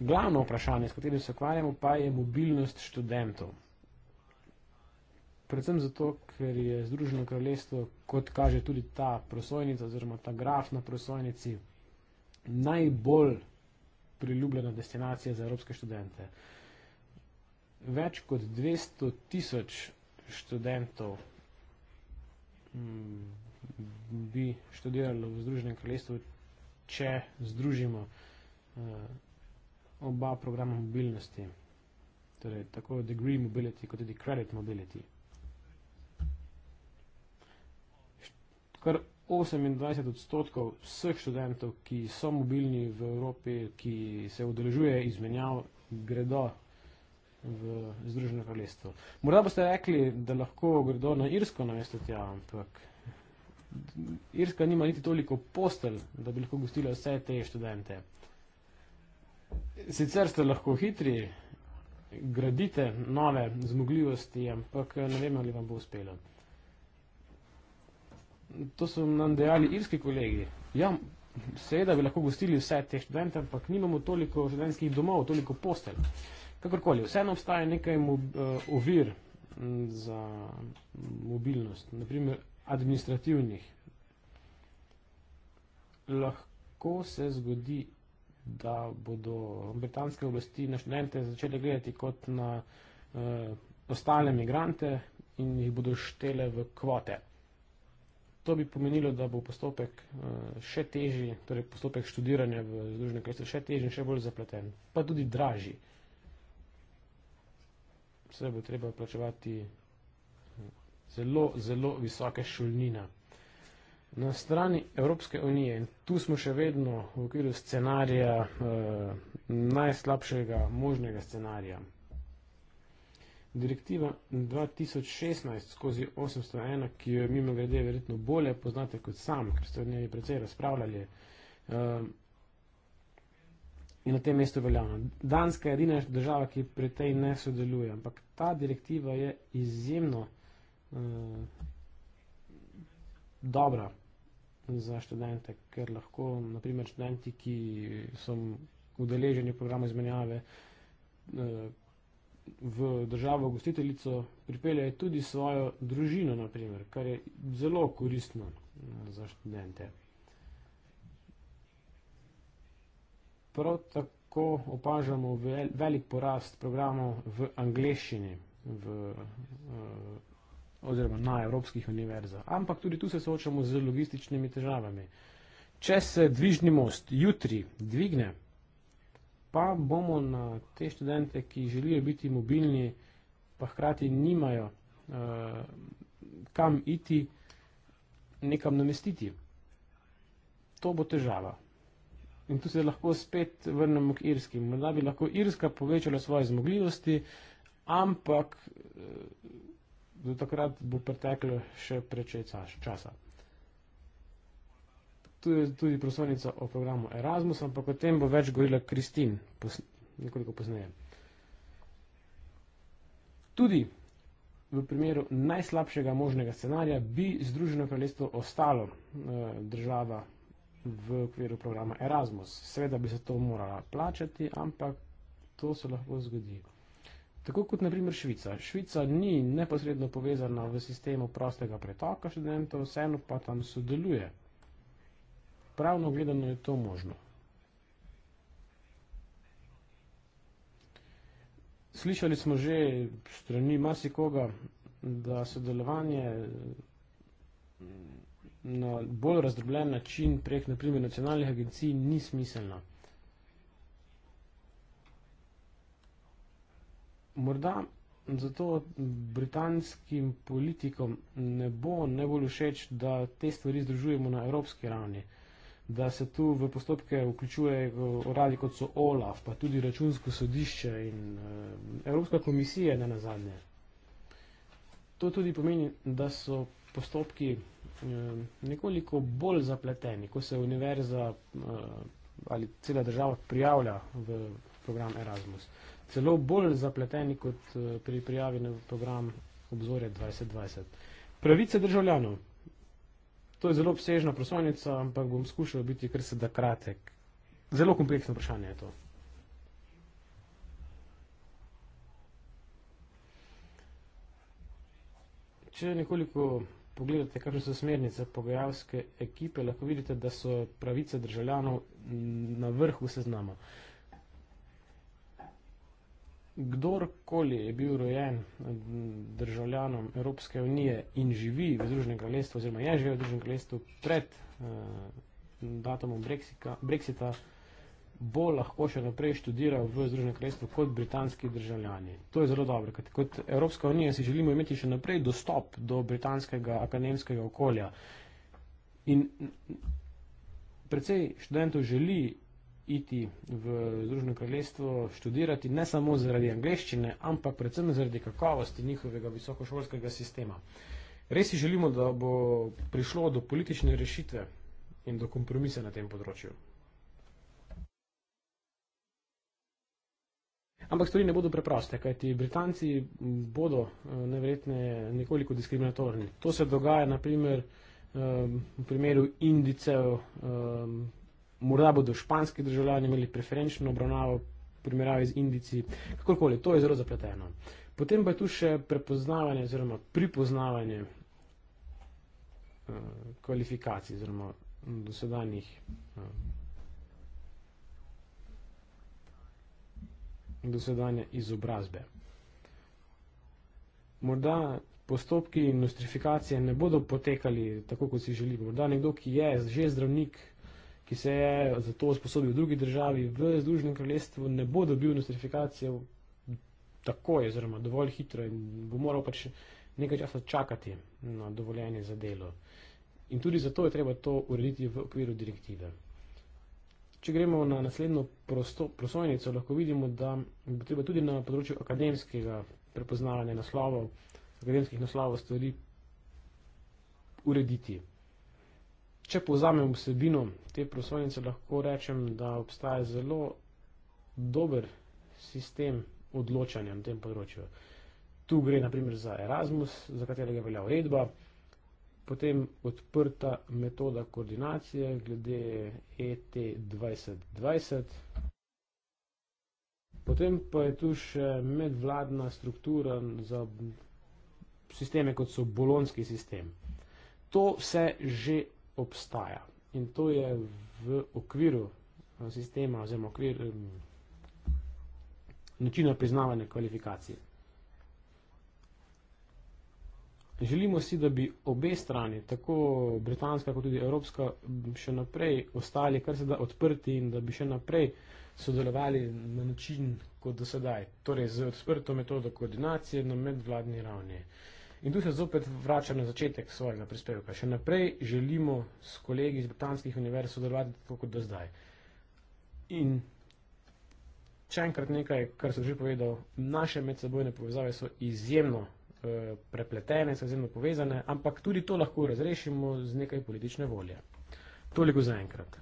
Speaker 2: Glavno vprašanje, s katerim se ukvarjamo, pa je mobilnost študentov. Predvsem zato, ker je Združeno kraljestvo, kot kaže tudi ta prosojnica oziroma ta graf na prosojnici, najbolj priljubljena destinacija za evropske študente. Več kot 200 tisoč študentov mm, bi študiralo v Združenem kraljestvu, če združimo eh, oba programa mobilnosti, torej tako degree mobility kot tudi credit mobility. Kar 28 odstotkov vseh študentov, ki so mobilni v Evropi, ki se udeležuje izmenjav, gredo v Združeno kraljestvo. Morda boste rekli, da lahko gredo na Irsko namesto tja, ampak Irska nima niti toliko postelj, da bi lahko gostila vse te študente. Sicer ste lahko hitri, gradite nove zmogljivosti, ampak ne vem, ali vam bo uspelo. To so nam dejali irski kolegi. Ja, seveda bi lahko gostili vse te študente, ampak nimamo toliko študentskih domov, toliko postelj. Kakorkoli, vseeno obstaja nekaj eh, ovir za mobilnost, naprimer administrativnih. Lahko se zgodi da bodo britanske oblasti na študente začele gledati kot na eh, ostale migrante in jih bodo štele v kvote. To bi pomenilo, da bo postopek eh, še težji, torej postopek študiranja v Združenem kraljestvu še težji in še bolj zapleten, pa tudi dražji. Vse bo treba plačevati eh, zelo, zelo visoke šolnine. Na strani Evropske unije, tu smo še vedno v okviru scenarija, eh, najslabšega možnega scenarija. Direktiva 2016 skozi 801, ki jo mimo grede verjetno bolje poznate kot sam, ker ste o njej precej razpravljali, eh, in na tem mestu veljavna. No, Danska je edina država, ki pri tej ne sodeluje, ampak ta direktiva je izjemno eh, dobra za študente, ker lahko, naprimer, študenti, ki so udeleženi v programu izmenjave eh, v državo gostiteljico, pripeljejo tudi svojo družino, naprimer, kar je zelo koristno eh, za študente. Prav tako opažamo velik porast programov v angleščini v, v eh, oziroma na evropskih univerzah. Ampak tudi tu se soočamo z logističnimi težavami. Če se dvižni most jutri dvigne, pa bomo na te študente, ki želijo biti mobilni, pa hkrati nimajo uh, kam iti, nekam namestiti. To bo težava. In tu se lahko spet vrnemo k Irski. Morda bi lahko Irska povečala svoje zmogljivosti, ampak. Uh, do takrat bo preteklo še prečej časa. Tu je tudi prosovnica o programu Erasmus, ampak o tem bo več govorila Kristin, nekoliko poznaje. Tudi v primeru najslabšega možnega scenarija bi Združeno kraljestvo ostalo eh, država v okviru programa Erasmus. Seveda bi se to morala plačati, ampak to se lahko zgodilo. Tako kot naprimer Švica. Švica ni neposredno povezana v sistemu prostega pretoka študentov, vseeno pa tam sodeluje. Pravno gledano je to možno. Slišali smo že strani marsikoga, da sodelovanje mm, na bolj razdrobljen način prek naprimer nacionalnih agencij ni smiselno. morda zato britanskim politikom ne bo najbolj všeč, da te stvari združujemo na evropski ravni, da se tu v postopke vključuje uradi kot so OLAF, pa tudi računsko sodišče in eh, Evropska komisija ne nazadnje. To tudi pomeni, da so postopki eh, nekoliko bolj zapleteni, ko se univerza eh, ali cela država prijavlja v program Erasmus celo bolj zapleteni kot eh, pri prijavi na program obzorja 2020. Pravice državljanov. To je zelo obsežna prosojnica, ampak bom skušal biti kar se da kratek. Zelo kompleksno vprašanje je to. Če nekoliko pogledate, kakšne so smernice pogajalske ekipe, lahko vidite, da so pravice državljanov na vrhu seznama. znama. Kdorkoli je bil rojen državljanom Evropske unije in živi v Združenem kraljestvu, oziroma je živel v Združenem kraljestvu pred eh, datumom Brexita, bo lahko še naprej študiral v Združenem kraljestvu kot britanski državljani. To je zelo dobro, kajti kot Evropska unija si želimo imeti še naprej dostop do britanskega akademskega okolja. In predvsej študentov želi iti v Združeno kraljestvo študirati ne samo zaradi angleščine, ampak predvsem zaradi kakovosti njihovega visokošolskega sistema. Res si želimo, da bo prišlo do politične rešitve in do kompromisa na tem področju. Ampak stvari ne bodo preproste, kajti Britanci bodo eh, neverjetne nekoliko diskriminatorni. To se dogaja na primer eh, v primeru indicev eh, morda bodo španski državljani imeli preferenčno obravnavo v primerjavi z indici, kakorkoli, to je zelo zapleteno. Potem pa je tu še prepoznavanje oziroma pripoznavanje uh, kvalifikacij oziroma dosedanjih uh, dosedanje izobrazbe. Morda postopki in nostrifikacije ne bodo potekali tako, kot si želimo. Morda nekdo, ki je že zdravnik, uh, ki se je za to usposobil v drugi državi, v Združenem kraljestvu, ne bo dobil nostrifikacije tako, oziroma dovolj hitro in bo moral pač nekaj časa čakati na dovoljenje za delo. In tudi zato je treba to urediti v okviru direktive. Če gremo na naslednjo prosojnico, lahko vidimo, da bo treba tudi na področju akademskega prepoznavanja naslovov, akademskih naslovov stvari urediti. Če povzamem vsebino te prosojnice, lahko rečem, da obstaja zelo dober sistem odločanja na tem področju. Tu gre naprimer za Erasmus, za katerega velja uredba, potem odprta metoda koordinacije glede e ET2020, potem pa je tu še medvladna struktura za sisteme, kot so bolonski sistem. To vse že odloča obstaja. In to je v okviru eh, sistema oziroma okvir načina priznavanja kvalifikacije. Želimo si, da bi obe strani, tako britanska kot tudi evropska, še naprej ostali kar se da odprti in da bi še naprej sodelovali na način kot do sedaj. Torej, z odprto metodo koordinacije na medvladni ravni. Uh, In tu se zopet vrača na začetek svojega prispevka. Še naprej želimo s kolegi iz britanskih univerz sodelovati tako kot do zdaj. In če enkrat nekaj, kar sem že povedal, naše medsebojne povezave so izjemno eh, prepletene, so izjemno povezane, ampak tudi to lahko razrešimo z nekaj politične volje. Toliko za enkrat.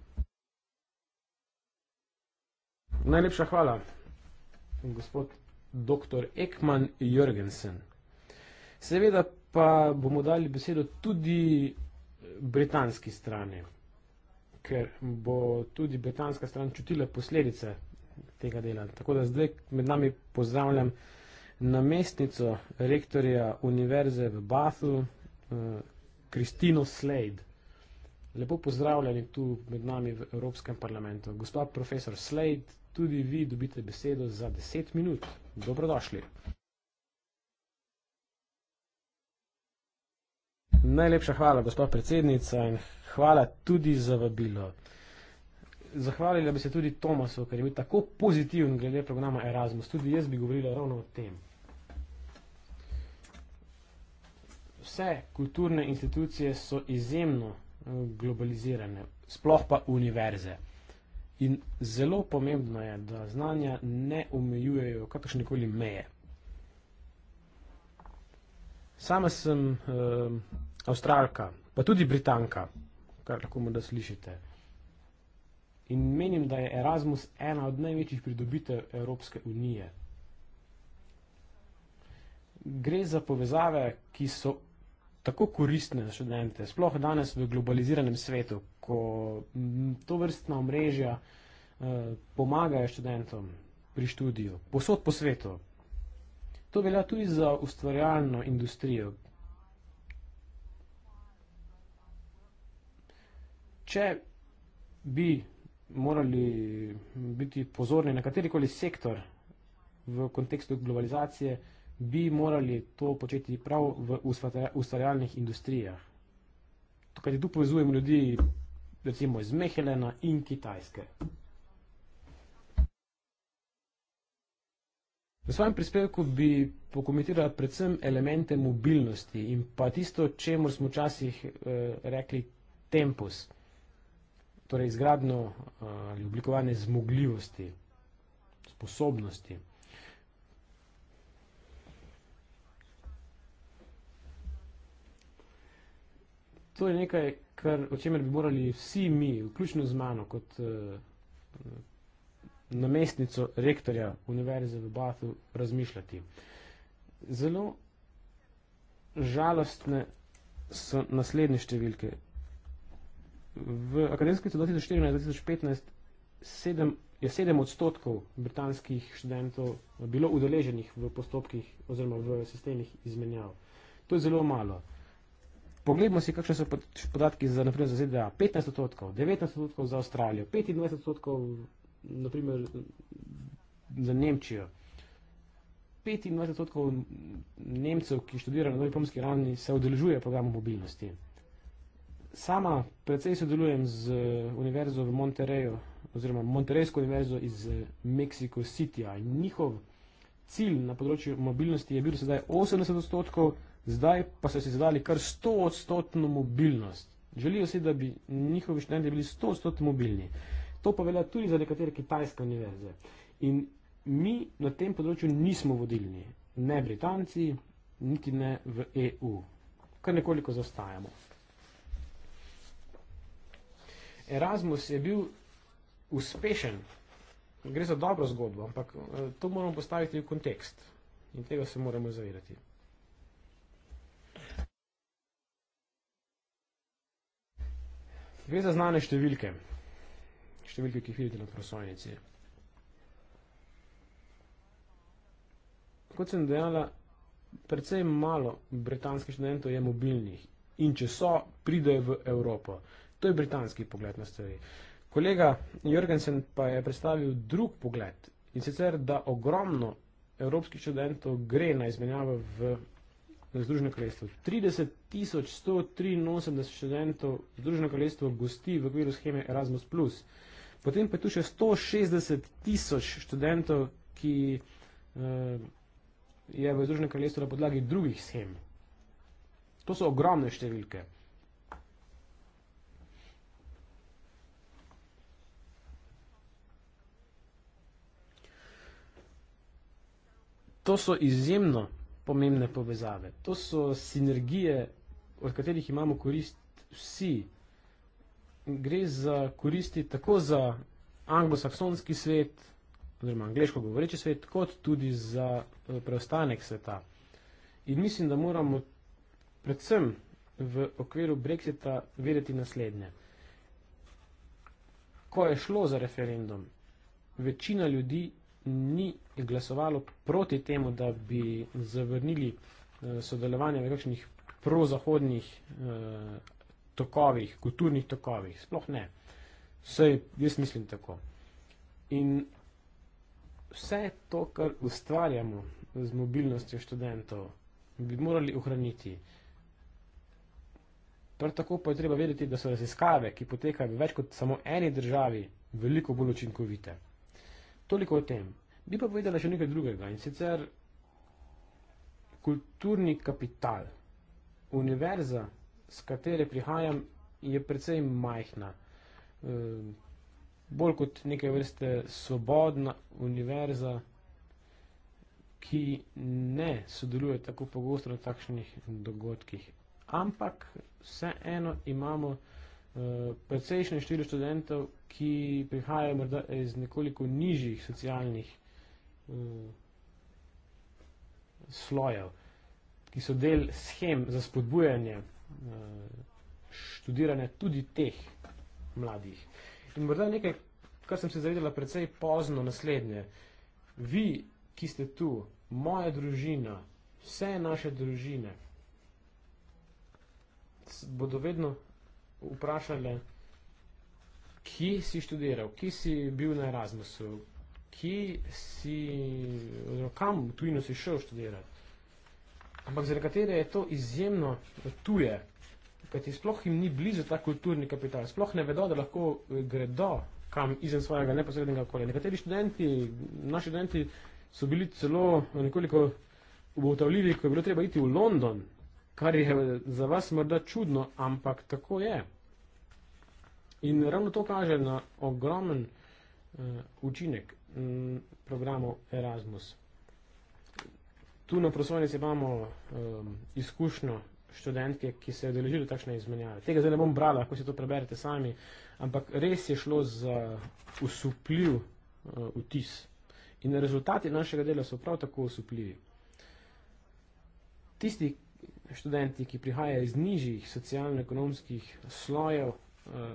Speaker 2: Najlepša hvala, gospod dr. Ekman Jürgensen. Seveda pa bomo dali besedo tudi britanski strani, ker bo tudi britanska stran čutila posledice tega dela. Tako da zdaj med nami pozdravljam namestnico rektorja Univerze v Bathu, eh, Kristino Slade. Lepo pozdravljeni tu med nami v Evropskem parlamentu. Gospod profesor Slade, tudi vi dobite besedo za 10 minut. Dobrodošli. Najlepša hvala, gospod predsednica, in hvala tudi za vabilo. Zahvalila bi se tudi Tomasu, ker je bil tako pozitiven glede programa Erasmus. Tudi jaz bi govorila ravno o tem. Vse kulturne institucije so izjemno eh, globalizirane, sploh pa univerze. In zelo pomembno je, da znanja ne omejujejo kakršnekoli meje. Sama sem eh, Avstralka, pa tudi Britanka, kar lahko morda slišite. In menim, da je Erasmus ena od največjih pridobitev Evropske unije. Gre za povezave, ki so tako koristne za študente, sploh danes v globaliziranem svetu, ko to vrstna omrežja eh, pomagajo študentom pri študiju, posod po svetu. To velja tudi za ustvarjalno industrijo, če bi morali biti pozorni na katerikoli sektor v kontekstu globalizacije, bi morali to početi prav v ustvarjalnih industrijah. Tukaj tu povezujem ljudi recimo iz Mehelena in Kitajske. V svojem prispevku bi pokomentiral predvsem elemente mobilnosti in pa tisto, čemu smo včasih eh, rekli tempus torej izgradno eh, ali oblikovanje zmogljivosti, sposobnosti. To je nekaj, kar, o čemer bi morali vsi mi, vključno z mano, kot eh, namestnico rektorja Univerze v Bathu, razmišljati. Zelo žalostne so naslednje številke. V akademski leto 2014-2015 sedem, je sedem odstotkov britanskih študentov bilo udeleženih v postopkih oziroma v sistemih izmenjav. To je zelo malo. Poglejmo si, kakšne so podatki za, naprimer, za ZDA. 15 odstotkov, 19 odstotkov za Avstralijo, 25 odstotkov, naprimer, za Nemčijo. 25 odstotkov Nemcev, ki študirajo na novi pomski ravni, se odeležuje programu mobilnosti sama predvsej sodelujem z eh, univerzo v Monterreju, oziroma Monterrejsko univerzo iz eh, Mexico City. In njihov cilj na področju mobilnosti je bil sedaj 80 odstotkov, zdaj pa so si zadali kar 100 odstotno mobilnost. Želijo si, da bi njihovi študenti bili 100 odstotno mobilni. To pa velja tudi za nekatere kitajske univerze. In mi na tem področju nismo vodilni, ne Britanci, niti ne v EU. Kar nekoliko zastajamo. Erasmus je bil uspešen, gre za dobro zgodbo, ampak eh, to moramo postaviti v kontekst in tega se moramo zavedati. Gre za znane številke, številke, ki jih vidite na prosojnici. Kot sem dejala, precej malo britanskih študentov je mobilnih in če so, pridejo v Evropo. To je britanski pogled na stvari. Kolega Jorgensen pa je predstavil drug pogled in sicer, da ogromno evropskih študentov gre na izmenjave v Združeno kraljestvo. 30 tisoč 183 študentov Združeno kraljestvo gosti v okviru scheme Erasmus. Potem pa je tu še 160 tisoč študentov, ki eh, je v Združeno kraljestvo na podlagi drugih schem. To so ogromne številke. to so izjemno pomembne povezave, to so sinergije, od katerih imamo korist vsi. Gre za koristi tako za anglosaksonski svet, oziroma angliško govoreči svet, kot tudi za eh, preostanek sveta. In mislim, da moramo predvsem v okviru Brexita vedeti naslednje. Ko je šlo za referendum, večina ljudi ni glasovalo proti temu, da bi zavrnili eh, sodelovanje v nekakšnih prozahodnih eh, tokovih, kulturnih tokovih. Sploh ne. Vse, jaz mislim tako. In vse to, kar ustvarjamo z mobilnostjo študentov, bi morali ohraniti. Prav tako pa je treba vedeti, da so raziskave, ki potekajo v več kot samo eni državi, veliko bolj učinkovite. Toliko o tem. Bi pa povedala še nekaj drugega in sicer kulturni kapital. Univerza, z katere prihajam, je precej majhna. E, bolj kot neke vrste svobodna univerza, ki ne sodeluje tako pogosto na takšnih dogodkih. Ampak vseeno imamo e, precejšnje število študentov, ki prihajajo morda iz nekoliko nižjih socialnih uh, slojev, ki so del schem za spodbujanje uh, študiranja tudi teh mladih. In morda nekaj, kar sem se zavedela precej pozno naslednje. Vi, ki ste tu, moja družina, vse naše družine, bodo vedno vprašali, ki si študiral, ki si bil na Erasmusu, ki si kam v tujino si šel študirati. Ampak za nekatere je to izjemno tuje, kaj ti sploh jim ni blizu ta kulturni kapital, sploh ne vedo, da lahko eh, gredo kam izen svojega neposrednega okolja. Nekateri študenti, naši študenti so bili celo eh, nekoliko ugotavljivi, ko je bilo treba iti v London, kar je za vas morda čudno, ampak tako je. In ravno to kaže na ogromen uh, učinek m, mm, programu Erasmus. Tu na prosojnici imamo um, izkušnjo študentke, ki se je odeležila takšne izmenjave. Tega zdaj ne bom brala, lahko si to preberete sami, ampak res je šlo za usupljiv uh, eh, vtis. In rezultati našega dela so prav tako usupljivi. Tisti študenti, ki prihajajo iz nižjih socialno-ekonomskih slojev, uh,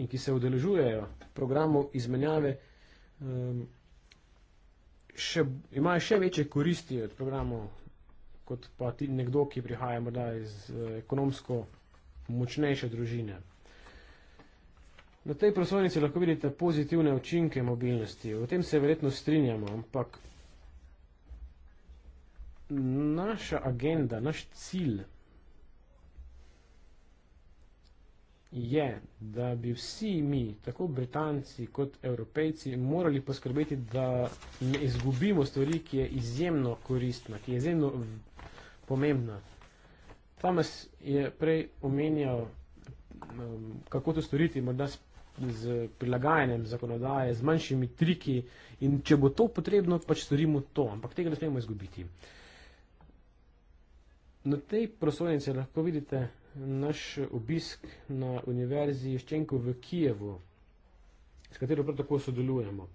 Speaker 2: in ki se udeležujejo programov izmenjave, ehm, še, imajo še večje koristi od programov, kot pa ti nekdo, ki prihaja morda iz eh, ekonomsko močnejše družine. Na tej prosovnici lahko vidite pozitivne učinke mobilnosti. O tem se verjetno strinjamo, ampak naša agenda, naš cilj, je, da bi vsi mi, tako Britanci kot Evropejci, morali poskrbeti, da ne izgubimo stvari, ki je izjemno koristna, ki je izjemno pomembna. Thomas je prej omenjal, um, kako to storiti, morda s z prilagajanjem zakonodaje, z manjšimi triki in če bo to potrebno, pač storimo to, ampak tega ne smemo izgubiti. Na tej prosojnici lahko vidite naš obisk na Univerzi Ješčenko v Kijevu, s katero prav tako sodelujemo.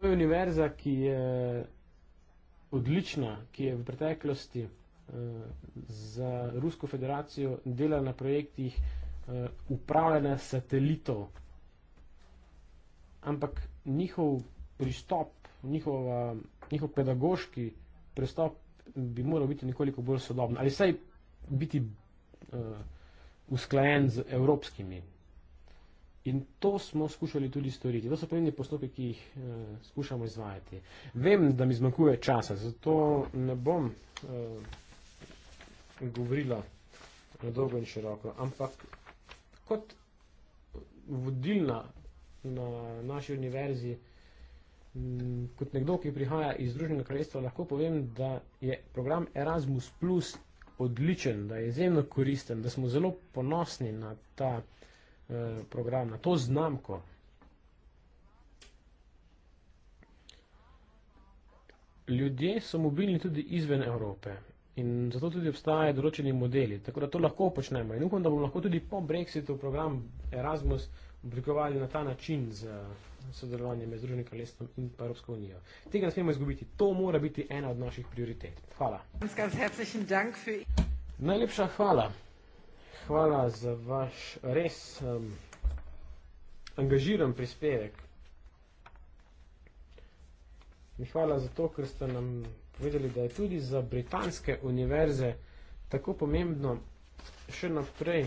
Speaker 2: To je univerza, ki je odlična, ki je v preteklosti eh, za Rusko federacijo delala na projektih eh, upravljanja satelitov. Ampak njihov pristop njihova, njihov pedagoški pristop bi moral biti nekoliko bolj sodoben ali vsaj biti uh, usklajen z evropskimi. In to smo skušali tudi storiti. To so pomembni postopki, ki jih uh, skušamo izvajati. Vem, da mi zmanjkuje časa, zato ne bom uh, govorila na dolgo in široko, ampak kot vodilna na naši univerzi, uh, Mm, kot nekdo, ki prihaja iz Združenega kraljestva, lahko povem, da je program Erasmus Plus odličen, da je izjemno koristen, da smo zelo ponosni na ta eh, program, na to znamko. Ljudje so mobilni tudi izven Evrope in zato tudi obstajajo določeni modeli, tako da to lahko počnemo in upam, da bomo lahko tudi po Brexitu program Erasmus Plus oblikovali na ta način z sodelovanjem med Združenim kraljestvom in pa Evropsko unijo. Tega ne smemo izgubiti, to mora biti ena od naših prioritet. Hvala. Najlepša hvala. Hvala za vaš res um, angažiran prispevek. In hvala za to, ker ste nam povedali, da je tudi za britanske univerze tako pomembno še naprej.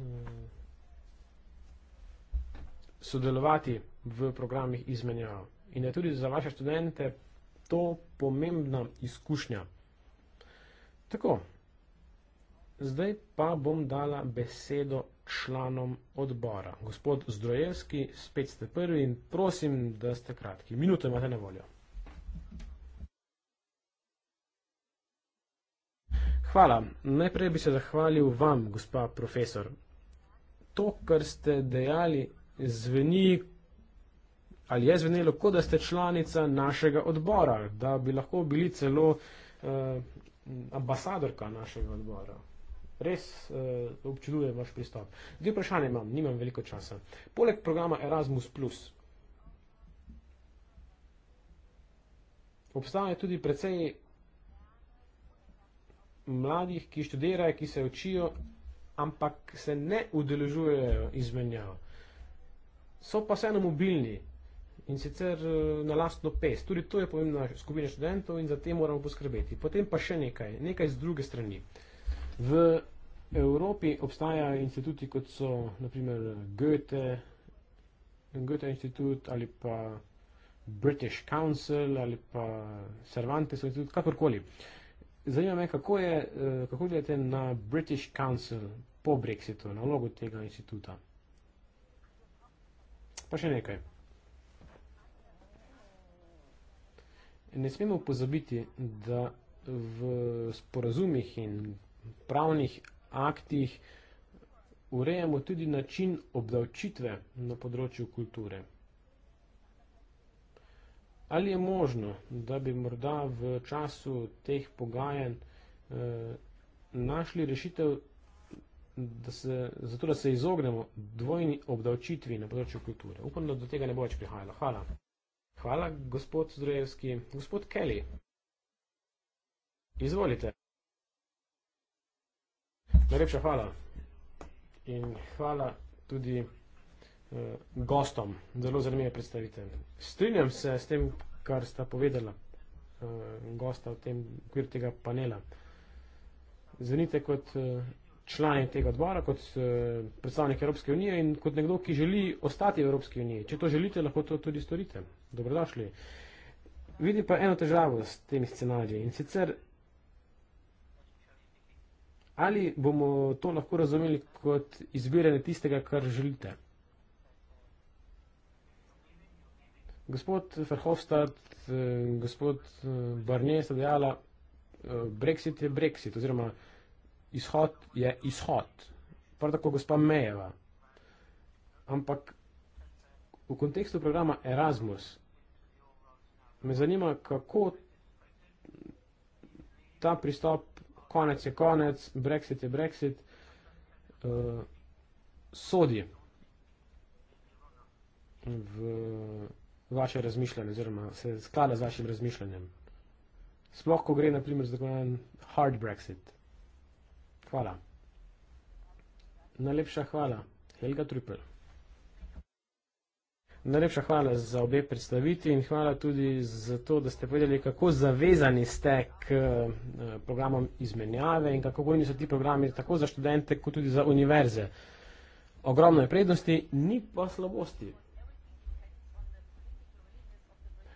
Speaker 2: Um, sodelovati v programih izmenjav. In je tudi za vaše študente to pomembna izkušnja. Tako, zdaj pa bom dala besedo članom odbora. Gospod Zdrojevski, spet ste prvi in prosim, da ste kratki. Minuto imate na voljo. Hvala. Najprej bi se zahvalil vam, gospa profesor. To, kar ste dejali, zveni, ali je zvenelo, kot da ste članica našega odbora, da bi lahko bili celo eh, ambasadorka našega odbora. Res eh, občudujem vaš pristop. Dve vprašanje imam, nimam veliko časa. Poleg programa Erasmus, obstaja tudi precej mladih, ki študirajo, ki se učijo, ampak se ne udeležujejo izmenjav so pa vseeno mobilni in sicer eh, na lastno pes. Tudi to je pomembna skupina študentov in za te moramo poskrbeti. Potem pa še nekaj, nekaj z druge strani. V Evropi obstajajo instituti, kot so naprimer Goethe, Goethe institut ali pa British Council ali pa Cervantes institut, kakorkoli. Zanima me, kako, je, eh, kako gledate na British Council po Brexitu, na vlogo tega instituta. Pa še nekaj. Ne smemo pozabiti, da v sporazumih in pravnih aktih urejamo tudi način obdavčitve na področju kulture. Ali je možno, da bi morda v času teh pogajanj eh, našli rešitev da se, zato da se izognemo dvojni obdavčitvi na področju kulture. Upam, da do tega ne bo več prihajalo. Hvala. Hvala, gospod Zdrojevski. Gospod Kelly, izvolite. Najlepša hvala. In hvala tudi eh, gostom. Zelo zanimive predstavitev. Strinjam se s tem, kar sta povedala eh, gosta v tem okviru tega panela. Zvenite kot. Eh, člani tega odbora, kot eh, predstavnik Evropske unije in kot nekdo, ki želi ostati v Evropski uniji. Če to želite, lahko to tudi storite. Dobrodošli. Vidim pa eno težavo s temi scenariji in sicer ali bomo to lahko razumeli kot izbiranje tistega, kar želite. Gospod Verhofstadt, eh, gospod eh, Barnier sta dejala, Brexit je Brexit oziroma izhod je izhod, prav tako gospa Mejeva. Ampak v kontekstu programa Erasmus me zanima, kako ta pristop konec je konec, brexit je brexit, uh, sodi v vaše razmišljanje, oziroma se sklada z vašim razmišljanjem. Sploh, ko gre, na primer, za tako hard brexit. Hvala. Najlepša hvala, Helga Trupel. Najlepša hvala za obe predstaviti in hvala tudi za to, da ste povedali, kako zavezani ste k eh, programom izmenjave in kako bojni so ti programi tako za študente, kot tudi za univerze. Ogromno je prednosti, ni pa slabosti.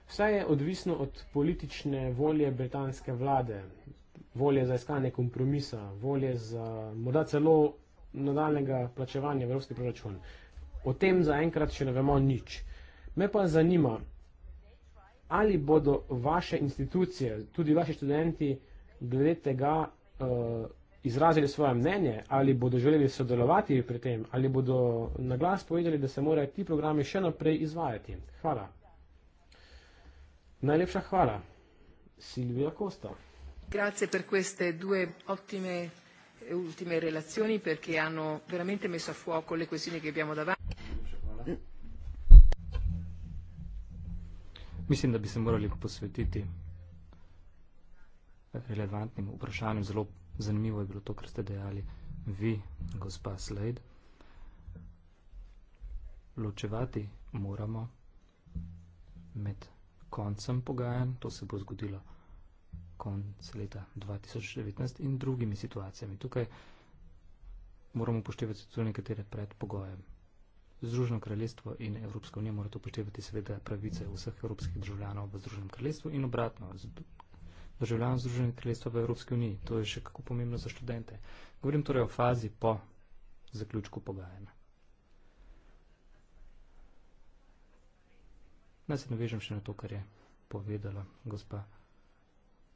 Speaker 2: Vse je odvisno od politične volje britanske vlade volje za iskanje kompromisa, volje za morda celo nadaljnega plačevanja evropski proračun. O tem zaenkrat še ne vemo nič. Me pa zanima, ali bodo vaše institucije, tudi vaši študenti, glede tega uh, izrazili svoje mnenje, ali bodo želeli sodelovati pri tem, ali bodo na glas povedali, da se morajo ti programi še naprej izvajati. Hvala. Najlepša hvala. Silvija Kostov
Speaker 3: grazie per queste due ottime e ultime relazioni perché hanno veramente messo a fuoco le questioni che abbiamo davanti. Mislim, da bi se morali posvetiti relevantnim vprašanjem. Zelo zanimivo je bilo to, kar ste dejali vi, gospa Slade. Ločevati moramo med koncem pogajanj, to se bo zgodilo konc leta 2019 in drugimi situacijami. Tukaj moramo upoštevati tudi nekatere predpogoje. Združeno kraljestvo in Evropska unija morata upoštevati seveda pravice vseh evropskih državljanov v Združenem kraljestvu in obratno, državljanov Združenega kraljestva v Evropski uniji. To je še kako pomembno za študente. Govorim torej o fazi po zaključku pogajanja. Naj se navežem še na to, kar je povedala gospa.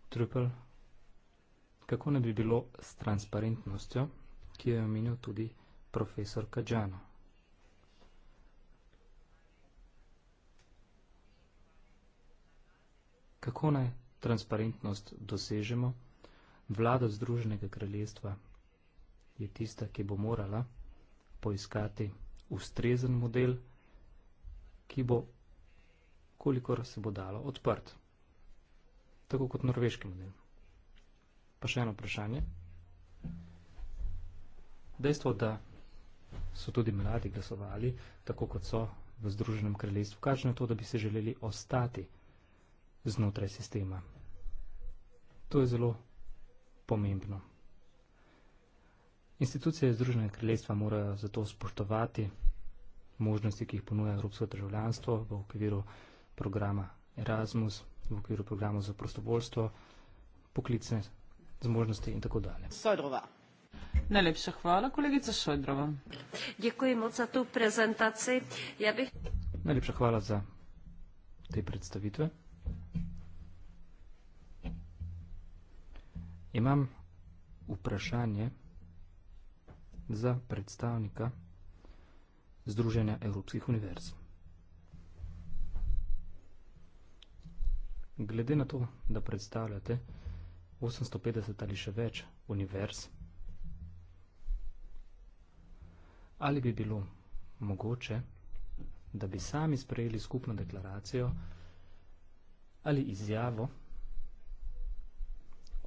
Speaker 3: Trupel, kako ne bi bilo s transparentnostjo, ki jo je omenil tudi profesor Kajano? Kako naj transparentnost dosežemo? Vlada Združenega kraljestva je tista, ki bo morala poiskati ustrezen model, ki bo, kolikor se bo dalo, odprt tako kot norveški model. Pa še eno vprašanje. Dejstvo, da so tudi mladi glasovali, tako kot so v Združenem kraljestvu, kaže na to, da bi se želeli ostati znotraj sistema. To je zelo pomembno. Institucije Združenega kraljestva morajo zato spoštovati možnosti, ki jih ponuja Evropsko državljanstvo v okviru programa Erasmus v okviru programov za prostovoljstvo, poklicne zmožnosti in tako dalje.
Speaker 1: Sodrova. Najlepša hvala, kolegica Sojdrova. Dekujemo za to prezentacijo. Ja bi...
Speaker 3: Najlepša hvala za te predstavitve. Imam vprašanje za predstavnika Združenja Evropskih univerz. Glede na to, da predstavljate 850 ali še več univerz, ali bi bilo mogoče, da bi sami sprejeli skupno deklaracijo ali izjavo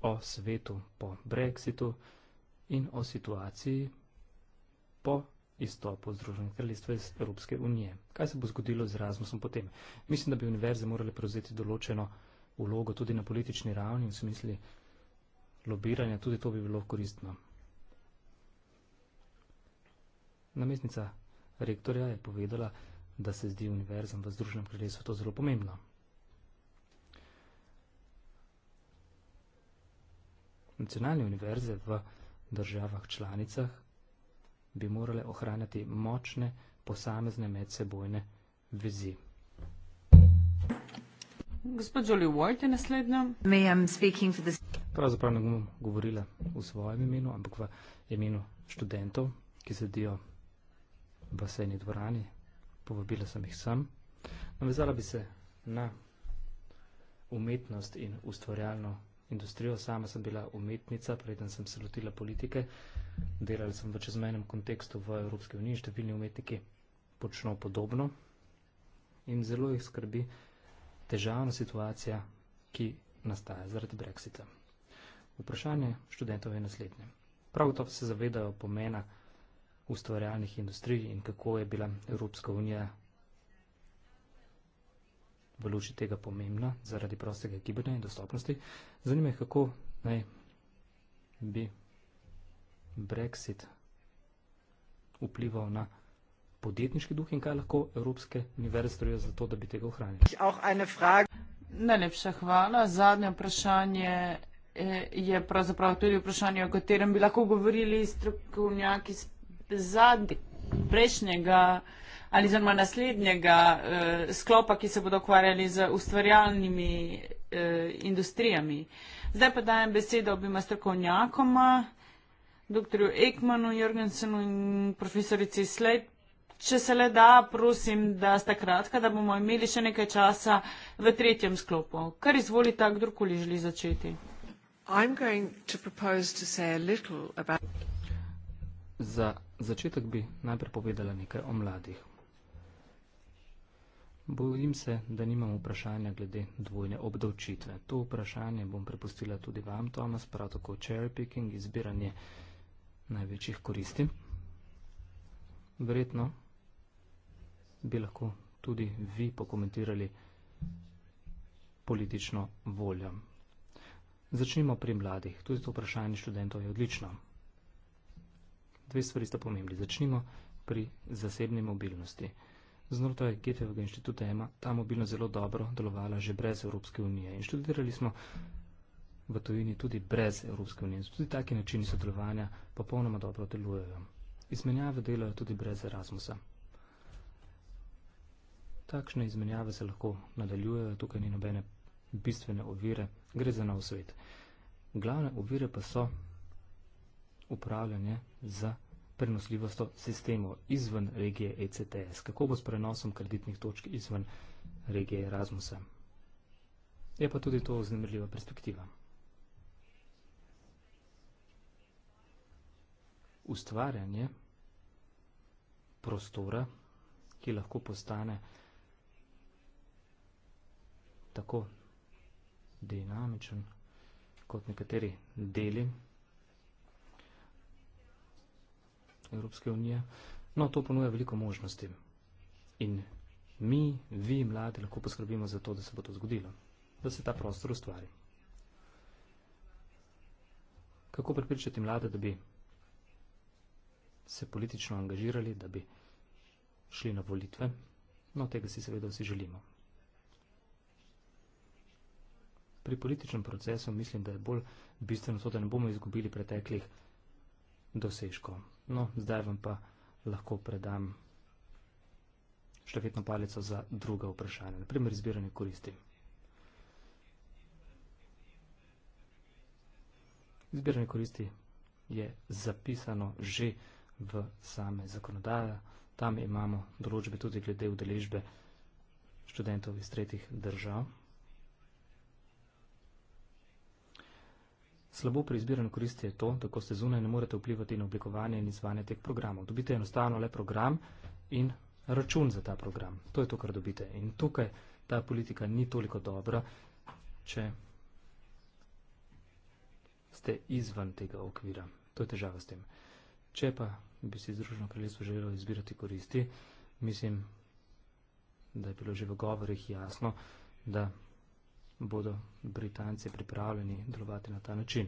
Speaker 3: o svetu po Brexitu in o situaciji po izstopu Združenih kraljestv iz Evropske unije. Kaj se bo zgodilo z Erasmusom potem? Mislim, da bi univerze morale prevzeti določeno vlogo tudi na politični ravni v smislu lobiranja, tudi to bi bilo koristno. Namestnica rektorja je povedala, da se zdi univerzam v Združenem kraljestvu to zelo pomembno. Nacionalne univerze v državah članicah bi morale ohranjati močne posamezne medsebojne vizi.
Speaker 1: Gospod Jolie Ward je naslednja.
Speaker 3: This... Pravzaprav ne bom govorila v svojem imenu, ampak v imenu študentov, ki sedijo v basejni dvorani. Povabila sem jih sem. Navezala bi se na umetnost in ustvarjalno industrijo. Sama sem bila umetnica, preden sem se lotila politike. Delala sem v čezmenem kontekstu v Evropski uniji, številni umetniki počnejo podobno. In zelo jih skrbi težavna situacija, ki nastaja zaradi Brexita. Vprašanje študentov je naslednje. Prav gotovo se zavedajo pomena ustvarjalnih industrij in kako je bila Evropska unija v luči tega pomembna zaradi prostega gibanja in dostopnosti. Zanima me, kako naj bi Brexit vplival na podjetniški duh in kaj lahko evropske univerze storijo za to, da bi tega
Speaker 1: ohranili. Najlepša hvala. Zadnje vprašanje eh, je pravzaprav tudi vprašanje, o katerem bi lahko govorili strokovnjaki z zadnjega prejšnjega ali oziroma naslednjega uh, sklopa, ki se bodo ukvarjali z ustvarjalnimi uh, industrijami. Zdaj pa dajem besedo obima strokovnjakoma, dr. Ekmanu, Jorgensenu in profesorici Slejt. Če se le da, prosim, da sta kratka, da bomo imeli še nekaj časa v tretjem sklopu. Kar izvoli tak, kdorkoli želi začeti.
Speaker 3: Za začetek bi najprej povedala nekaj o mladih. Bojim se, da nimam vprašanja glede dvojne obdavčitve. To vprašanje bom prepustila tudi vam, Tomas, prav tako cherry picking, izbiranje največjih koristi. Verjetno bi lahko tudi vi pokomentirali politično voljo. Začnimo pri mladih. Tudi to vprašanje študentov je odlično. Dve stvari sta pomembni. Začnimo pri zasebni mobilnosti. Znotraj Getevega inštituta je ta mobilnost zelo dobro delovala že brez Evropske unije. In študirali smo v tujini tudi brez Evropske unije. Tudi taki načini sodelovanja popolnoma dobro delujejo. Izmenjave delajo tudi brez Erasmusa. Takšne izmenjave se lahko nadaljujejo, tukaj ni nobene bistvene ovire, gre za nov svet. Glavne ovire pa so upravljanje za vsega prenosljivostjo sistemov izven regije ECTS. Kako bo s prenosom kreditnih točk izven regije Erasmusa? Je pa tudi to vznemirljiva perspektiva. Ustvarjanje prostora, ki lahko postane tako dinamičen kot nekateri deli, članstvo Evropske unije, no to ponuja veliko možnosti. In mi, vi, mladi, lahko poskrbimo za to, da se bo to zgodilo, da se ta prostor ustvari. Kako pripričati mlade, da bi se politično angažirali, da bi šli na volitve? No, tega si seveda vsi želimo. Pri političnem procesu mislim, da je bolj bistveno to, da ne bomo izgubili preteklih dosežkov. No, zdaj vam pa lahko predam štafetno palico za druga vprašanja. Naprimer, izbiranje koristi. Izbiranje koristi je zapisano že v same zakonodaje. Tam imamo določbe tudi glede udeležbe študentov iz tretjih držav. Slabo preizbiran korist je to, da ko ste zunaj, ne morete vplivati na oblikovanje in izvajanje teh programov. Dobite enostavno le program in račun za ta program. To je to, kar dobite. In tukaj ta politika ni toliko dobra, če ste izvan tega okvira. To je težava s tem. Če pa bi si Združeno kraljestvo želelo izbirati koristi, mislim, da je bilo že v govorih jasno, da bodo Britanci pripravljeni delovati na ta način.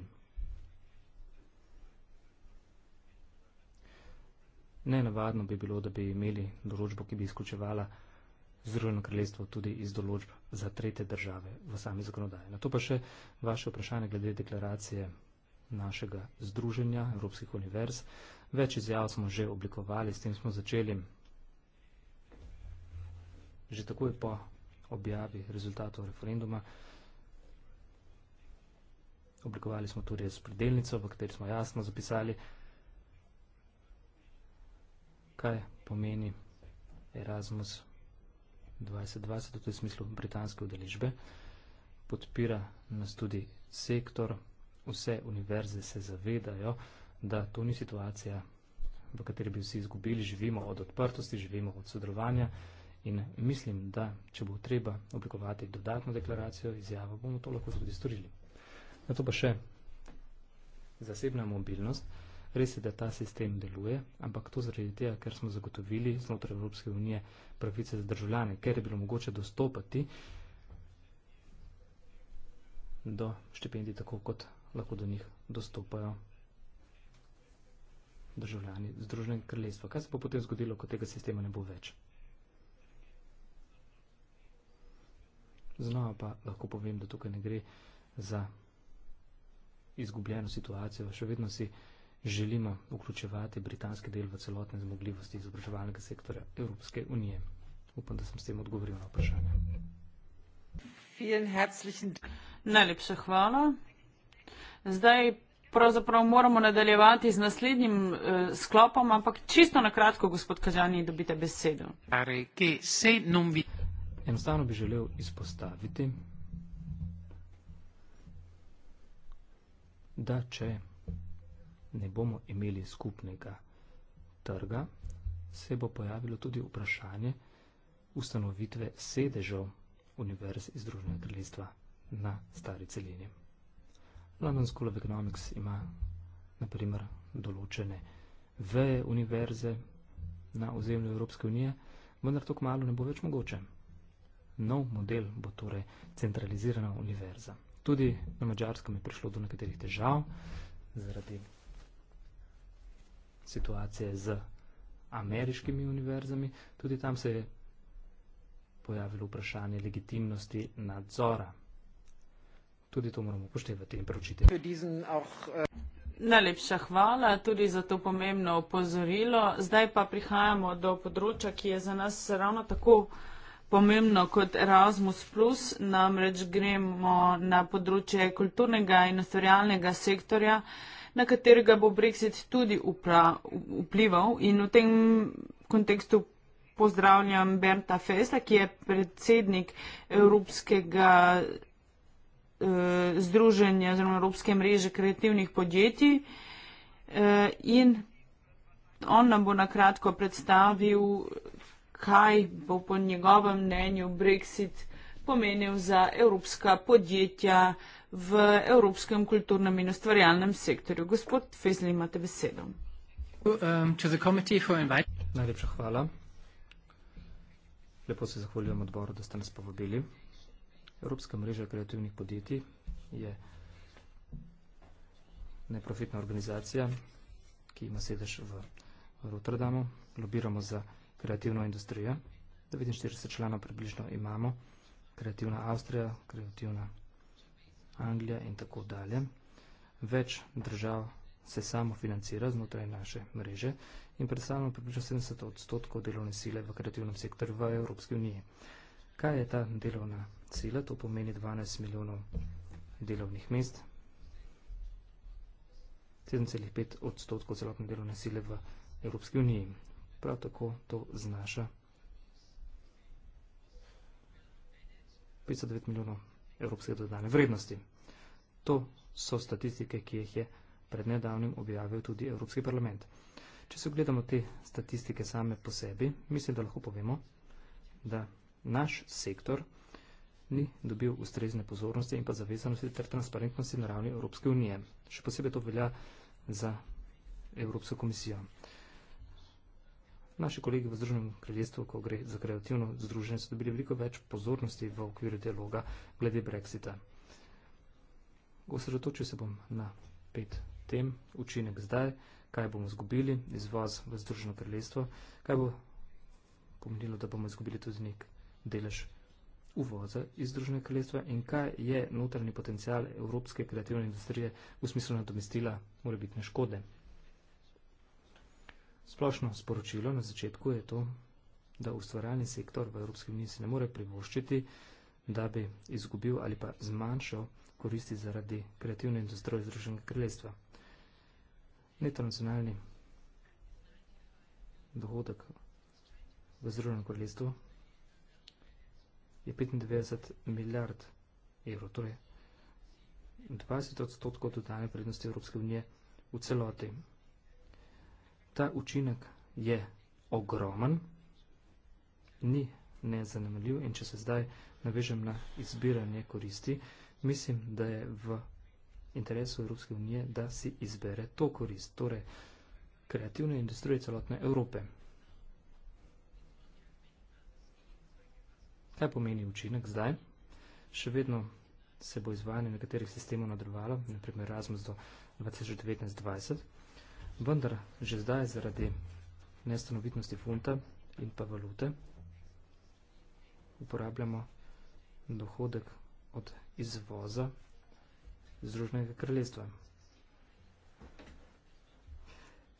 Speaker 3: Nenavadno bi bilo, da bi imeli določbo, ki bi izključevala Združeno kraljestvo tudi iz določb za tretje države v sami zakonodaji. Na to pa še vaše vprašanje glede deklaracije našega združenja Evropskih univerz. Več izjav smo že oblikovali, s tem smo začeli že takoj po objavi rezultatov referenduma. Oblikovali smo tudi s predelnico, v kateri smo jasno zapisali, kaj pomeni Erasmus 2020, v tem smislu britanske udeležbe. Podpira nas tudi sektor, vse univerze se zavedajo, da to ni situacija, v kateri bi vsi izgubili, živimo od odprtosti, živimo od sodelovanja. In mislim, da če bo treba oblikovati dodatno deklaracijo, izjavo, bomo to lahko tudi storili. Na to pa še zasebna mobilnost. Res je, da ta sistem deluje, ampak to zaradi tega, ker smo zagotovili znotraj Evropske unije pravice za državljane, ker je bilo mogoče dostopati do štipendij tako, kot lahko do njih dostopajo državljani Združenega kraljestva. Kaj se bo potem zgodilo, ko tega sistema ne bo več? Znova pa lahko povem, da tukaj ne gre za izgubljeno situacijo. Še vedno si želimo vključevati britanski del v celotne zmogljivosti izobraževalnega sektora Evropske unije. Upam, da sem s tem odgovoril na vprašanje.
Speaker 1: Najlepša hvala. Zdaj pravzaprav moramo nadaljevati z naslednjim eh, sklopom, ampak čisto na kratko, gospod Kažani, dobite besedo. Are, ki, se, non, vi
Speaker 3: enostavno bi želel izpostaviti, da če ne bomo imeli skupnega trga, se bo pojavilo tudi vprašanje ustanovitve sedežev Univerz iz Združenja kraljestva na stari celini. London School of Economics ima na primer določene veje univerze na ozemlju Evropske unije, vendar to kmalo ne bo več mogoče nov model bo torej centralizirana univerza. Tudi na Mačarskem je prišlo do nekaterih težav zaradi situacije z ameriškimi univerzami. Tudi tam se je pojavilo vprašanje legitimnosti nadzora. Tudi to moramo upoštevati in preučiti.
Speaker 1: Äh, Najlepša hvala tudi za to pomembno opozorilo. Zdaj pa prihajamo do področja, ki je za nas ravno tako pomembno kot Erasmus, namreč gremo na področje kulturnega in ustvarjalnega sektorja, na katerega bo Brexit tudi upra, vplival in v tem kontekstu. Pozdravljam Berta Festa, ki je predsednik Evropskega eh, združenja oziroma Evropske mreže kreativnih podjetij. Eh, in on nam bo na kratko predstavil kaj bo po njegovem mnenju Brexit pomenil za evropska podjetja v evropskem kulturnem in ustvarjalnem sektorju. Gospod Fezli, imate besedo.
Speaker 3: Um, Najlepša hvala. Lepo se zahvaljujem odboru, da ste nas povabili. Evropska mreža kreativnih podjetij je neprofitna organizacija, ki ima sedež v Rotterdamu. Lobiramo za kreativno industrijo. 49 članov približno imamo, kreativna Avstrija, kreativna Anglija in tako dalje. Več držav se samo financira znotraj naše mreže in predstavljamo približno 70 odstotkov delovne sile v kreativnem sektorju v Evropski uniji. Kaj je ta delovna sila? To pomeni 12 milijonov delovnih mest, 7,5 odstotkov celotne delovne sile v Evropski uniji prav tako to znaša 509 milijonov evropske dodane vrednosti. To so statistike, ki jih je pred nedavnim objavil tudi Evropski parlament. Če se ogledamo te statistike same po sebi, mislim, da lahko povemo, da naš sektor ni dobil ustrezne pozornosti in pa zavezanosti ter transparentnosti na ravni Evropske unije. Še posebej to velja za Evropsko komisijo. Naši kolegi v Združenem kraljestvu, ko gre za kreativno združenje, so dobili veliko več pozornosti v okviru dialoga glede Brexita. Osredotočil se bom na pet tem, učinek zdaj, kaj bomo izgubili iz vas v Združeno kraljestvo, kaj bo pomenilo, da bomo izgubili tudi nek delež uvoza iz Združene kraljestva in kaj je notranji potencial evropske kreativne industrije v smislu nadomestila morebitne škode. Splošno sporočilo na začetku je to, da ustvarjalni sektor v Evropski uniji se ne more privoščiti, da bi izgubil ali pa zmanjšal koristi zaradi kreativne industrije Združenega kraljestva. Netranacionalni dohodek v Združenem kraljestvu je 95 milijard evrov, torej 20 odstotkov dodane prednosti Evropske unije v celoti ta učinek je ogromen, ni nezanemljiv in če se zdaj navežem na izbiranje koristi, mislim, da je v interesu Evropske unije, da si izbere to korist, torej kreativne industrije celotne Evrope. Kaj pomeni učinek zdaj? Še vedno se bo izvajanje nekaterih sistemov nadrvalo, naprimer razmoz do 2019-2020, vendar že zdaj zaradi nestanovitnosti funta in pa valute uporabljamo dohodek od izvoza Združnega kraljestva.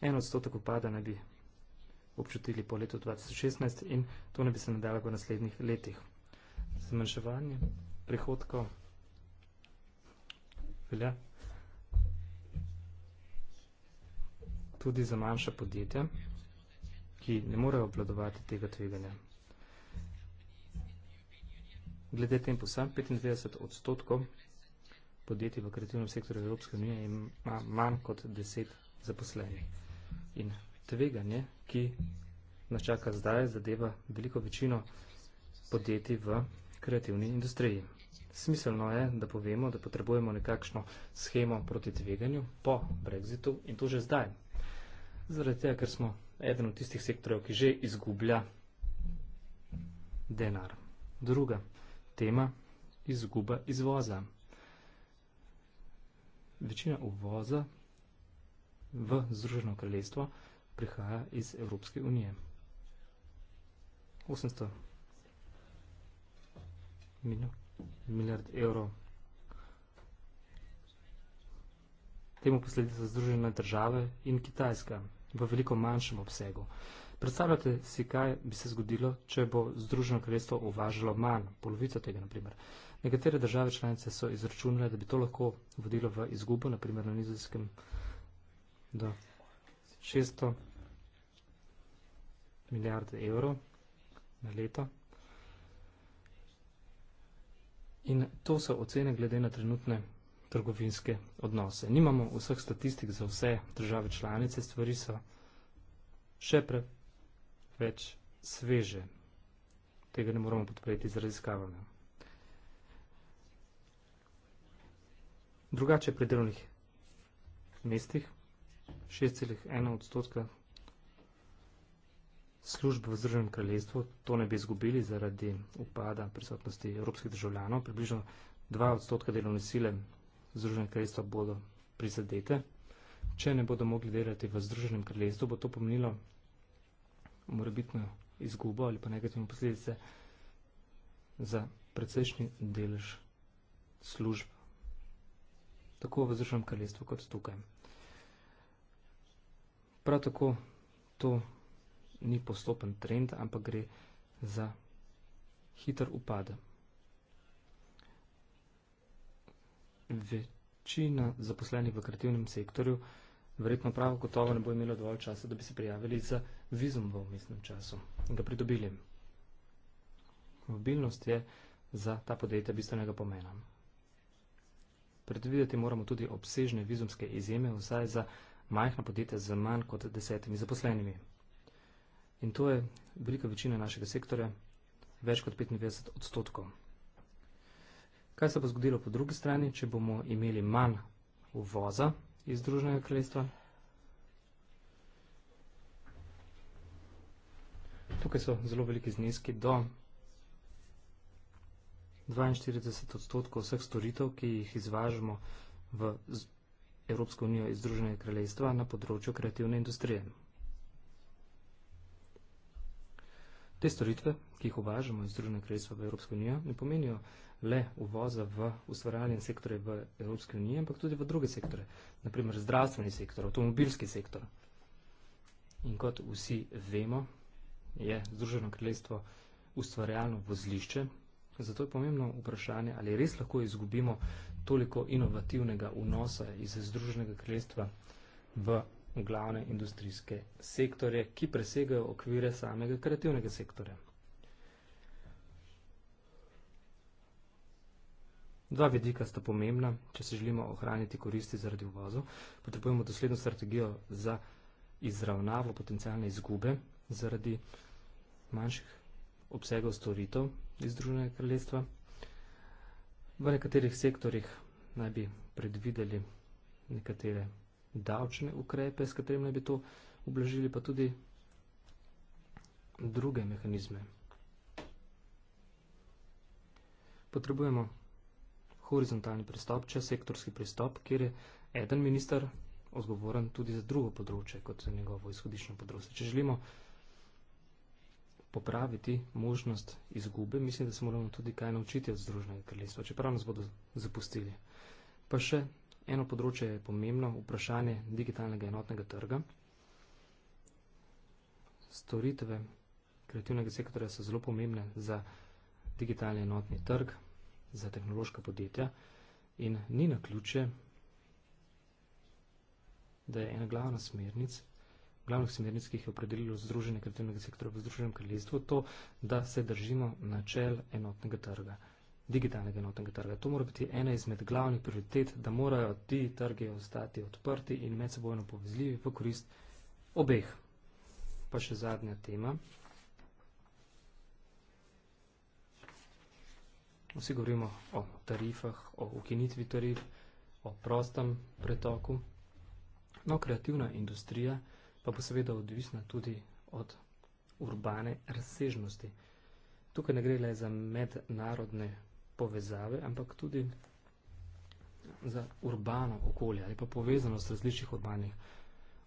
Speaker 3: En odstotek upada naj bi občutili po letu 2016 in to ne bi se nadalo v naslednjih letih. Zmanjševanje prihodkov velja tudi za manjša podjetja, ki ne morejo obladovati tega tveganja. Glede tem posam, 95 odstotkov podjetij v kreativnem sektorju Evropske unije ima manj kot 10 zaposlenih. In tveganje, ki nas čaka zdaj, zadeva veliko večino podjetij v kreativni industriji. Smiselno je, da povemo, da potrebujemo nekakšno schemo proti tveganju po brexitu in to že zdaj. Zaradi tega, ker smo eden od tistih sektorjev, ki že izgublja denar. Druga tema je izguba izvoza. Večina uvoza v Združeno kraljestvo prihaja iz Evropske unije. 800 milijard evrov. Temu posledica Združene države in Kitajska v veliko manjšem obsegu. Predstavljate si, kaj bi se zgodilo, če bo Združeno kraljestvo uvažalo manj, polovico tega naprimer. Nekatere države članice so izračunale, da bi to lahko vodilo v izgubo, naprimer na nizozemskem do 600 milijarde evrov na leto. In to so ocene glede na trenutne trgovinske odnose. Nimamo vseh statistik za vse države članice, stvari so še preveč sveže. Tega ne moramo podpreti z raziskavami. Drugače pri delovnih mestih 6,1 odstotka služb v Združenem kraljestvu, to ne bi izgubili zaradi upada prisotnosti evropskih državljanov, približno 2 odstotka delovne sile Združenem kraljestvu bodo prizadete. Če ne bodo mogli delati v Združenem kraljestvu, bo to pomenilo morebitno izgubo ali pa negativne posledice za precejšnji delež služb, tako v Združenem kraljestvu kot tukaj. Prav tako to ni postopen trend, ampak gre za hiter upad. večina zaposlenih v kreativnem sektorju verjetno prav gotovo ne bo imela dovolj časa, da bi se prijavili za vizum v umestnem času in ga pridobili. Mobilnost je za ta podjetja bistvenega pomena. Predvideti moramo tudi obsežne vizumske izjeme vsaj za majhna podjetja z manj kot desetimi zaposlenimi. In to je velika večina našega sektorja, več kot 95 odstotkov. Kaj se bo zgodilo po drugi strani, če bomo imeli manj uvoza iz Združenega kraljestva? Tukaj so zelo veliki zneski do 42 odstotkov vseh storitev, ki jih izvažamo v Evropsko unijo iz Združenega kraljestva na področju kreativne industrije. Te storitve, ki jih uvažamo iz Združenja kraljestva v Evropsko unijo, ne pomenijo le uvoza v ustvarjanje sektorje v Evropski uniji, ampak tudi v druge sektore, naprimer zdravstveni sektor, avtomobilski sektor. In kot vsi vemo, je Združeno kraljestvo ustvarjalno vozlišče, zato je pomembno vprašanje, ali res lahko izgubimo toliko inovativnega vnosa iz Združenega kraljestva v glavne industrijske sektorje, ki presegajo okvire samega kreativnega sektorja. Dva vidika sta pomembna, če se želimo ohraniti koristi zaradi uvozu, potrebujemo dosledno strategijo za izravnavo potencijalne izgube zaradi manjših obsegov storitev iz Združenega kraljestva. V nekaterih sektorjih naj bi predvideli nekatere davčne ukrepe, s katerimi bi to ublažili, pa tudi druge mehanizme. Potrebujemo horizontalni pristop, če sektorski pristop, kjer je eden minister odgovoren tudi za drugo področje, kot je njegovo izhodišnjo področje. Če želimo popraviti možnost izgube, mislim, da se moramo tudi kaj naučiti od Združenega kraljestva, čeprav nas bodo zapustili. Pa še Eno področje je pomembno, vprašanje digitalnega enotnega trga. Storitve kreativnega sektorja so zelo pomembne za digitalni enotni trg, za tehnološka podjetja in ni na ključe, da je ena glavna smernic, glavnih smernic, ki jih je opredelilo Združenje kreativnega sektora v Združenem kraljestvu, to, da se držimo načel enotnega trga digitalnega enotnega trga. To mora biti ena izmed glavnih prioritet, da morajo ti trgi ostati odprti in medsebojno povezljivi v korist obeh. Pa še zadnja tema. Vsi govorimo o tarifah, o ukinitvi tarif, o prostem pretoku. No, kreativna industrija pa bo seveda odvisna tudi od urbane razsežnosti. Tukaj ne gre le za mednarodne povezave, ampak tudi za urbano okolje ali pa povezanost različnih urbanih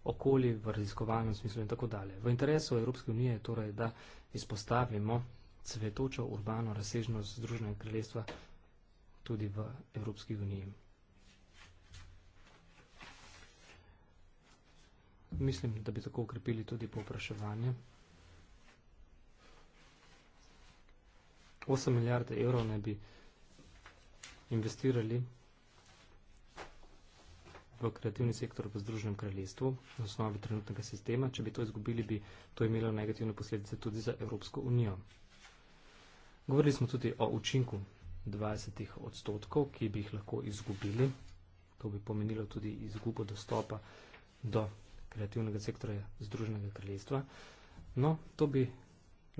Speaker 3: okolij v raziskovalnem smislu in tako dalje. V interesu Evropske unije je torej, da izpostavimo cvetočo urbano razsežnost Združenega kraljestva tudi v Evropski uniji. Mislim, da bi tako ukrepili tudi povpraševanje. 8 milijarde evrov naj bi investirali v kreativni sektor v Združenem kraljestvu na osnovi trenutnega sistema. Če bi to izgubili, bi to imelo negativne posledice tudi za Evropsko unijo. Govorili smo tudi o učinku 20 odstotkov, ki bi jih lahko izgubili. To bi pomenilo tudi izgubo dostopa do kreativnega sektorja Združenega kraljestva. No, to bi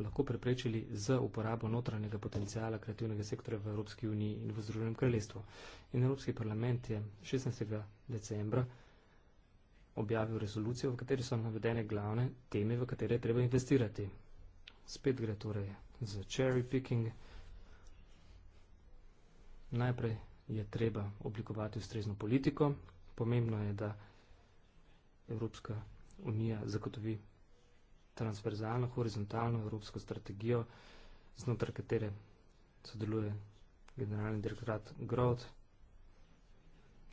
Speaker 3: lahko preprečili z uporabo notranjega potencijala kreativnega sektora v Evropski uniji in v Združenem kraljestvu. In Evropski parlament je 16. decembra objavil rezolucijo, v kateri so navedene glavne teme, v katere treba investirati. Spet gre torej za cherry picking. Najprej je treba oblikovati ustrezno politiko. Pomembno je, da Evropska unija zagotovi transverzalno, horizontalno evropsko strategijo, znotraj katere sodeluje generalni direktorat Growth,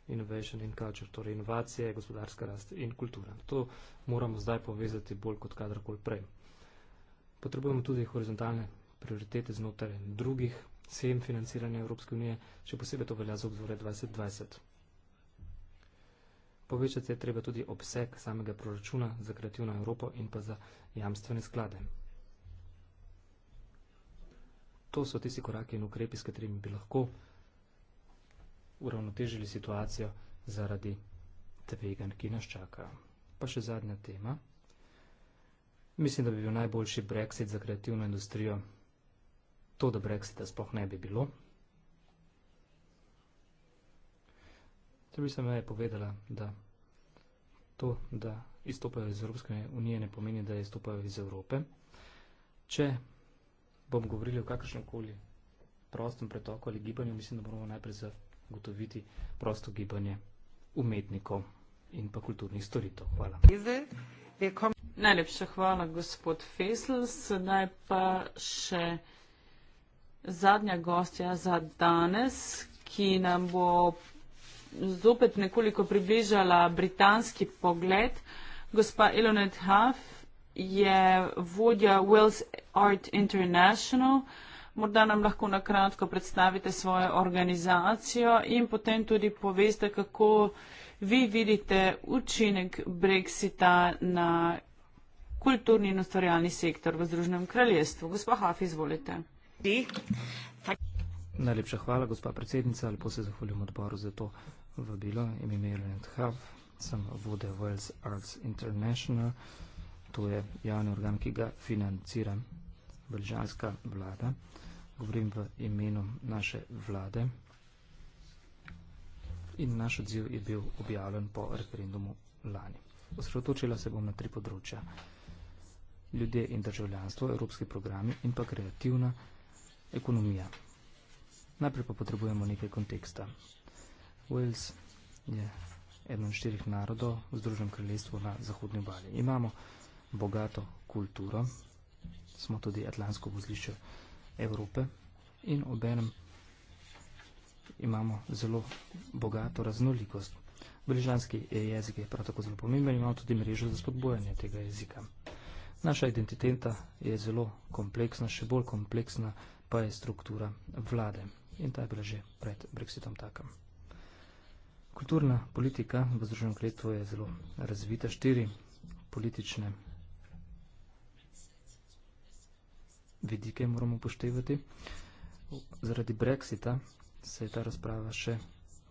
Speaker 3: Innovation in Culture, torej inovacije, gospodarska rast in kultura. To moramo zdaj povezati bolj kot kadarkoli prej. Potrebujemo tudi horizontalne prioritete znotraj drugih sem financiranja Evropske unije, še posebej to velja za obzore 2020. Povečati je treba tudi obseg samega proračuna za kreativno Evropo in pa za jamstvene sklade. To so tisti koraki in ukrepi, s katerimi bi lahko uravnotežili situacijo zaradi tvegan, ki nas čakajo. Pa še zadnja tema. Mislim, da bi bil najboljši brexit za kreativno industrijo to, da brexita sploh ne bi bilo. Srbija je povedala, da to, da izstopajo iz Evropske unije, ne pomeni, da izstopajo iz Evrope. Če bom govorili o kakršnem koli prostem pretoku ali gibanju, mislim, da moramo najprej zagotoviti prosto gibanje umetnikov in pa kulturnih storitev. Hvala.
Speaker 1: Najlepša hvala, gospod Fesl. Sedaj pa še zadnja gostja za danes, ki nam bo zopet nekoliko približala britanski pogled. Gospa Ilonet Huff je vodja Wells Art International. Morda nam lahko na kratko predstavite svojo organizacijo in potem tudi poveste, kako vi vidite učinek Brexita na kulturni in ustvarjalni sektor v Združenem kraljestvu. Gospa Huff, izvolite.
Speaker 3: Najlepša hvala, gospa predsednica. Lepo se zahvaljujem odboru za to vabilo, ime je Leonard Huff, sem vode Wells Arts International, to je javni organ, ki ga financira belžanska vlada. Govorim v imenu naše vlade in naš odziv je bil objavljen po referendumu lani. Osredotočila se bom na tri področja. Ljudje in državljanstvo, evropski programi in pa kreativna ekonomija. Najprej pa potrebujemo nekaj konteksta. Wales je eden od štirih narodov v Združenem kraljestvu na zahodni obali. Imamo bogato kulturo, smo tudi atlantsko vozlišče Evrope in obenem imamo zelo bogato raznolikost. Bližanski jezik je prav tako zelo pomemben, imamo tudi mrežo za spodbojanje tega jezika. Naša identiteta je zelo kompleksna, še bolj kompleksna pa je struktura vlade in ta je bila že pred Brexitom takem. Kulturna politika v Združenem kraljestvu je zelo razvita, štiri politične vidike moramo upoštevati. Zaradi Brexita se je ta razprava še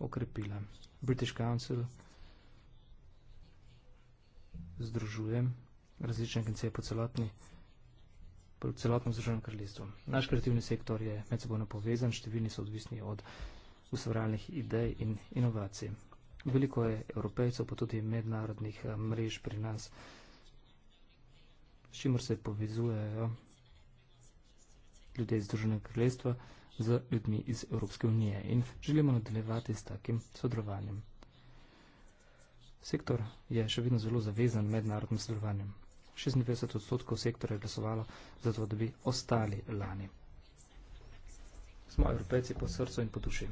Speaker 3: okrepila. British Council združuje različne agencije po celotni po celotnem združenem kraljestvu. Naš kreativni sektor je med sebojno povezan, številni so odvisni od ustvarjalnih idej in inovacij. Veliko je evropejcev, pa tudi mednarodnih eh, mrež pri nas, s čimer se povezujejo ljudje iz Združenega kraljestva z ljudmi iz Evropske unije in želimo nadaljevati s takim sodelovanjem. Sektor je še vedno zelo zavezan mednarodnim sodelovanjem. 96 odstotkov sektora je glasovalo za to, da bi ostali lani. Smo evropejci po srcu in po duši.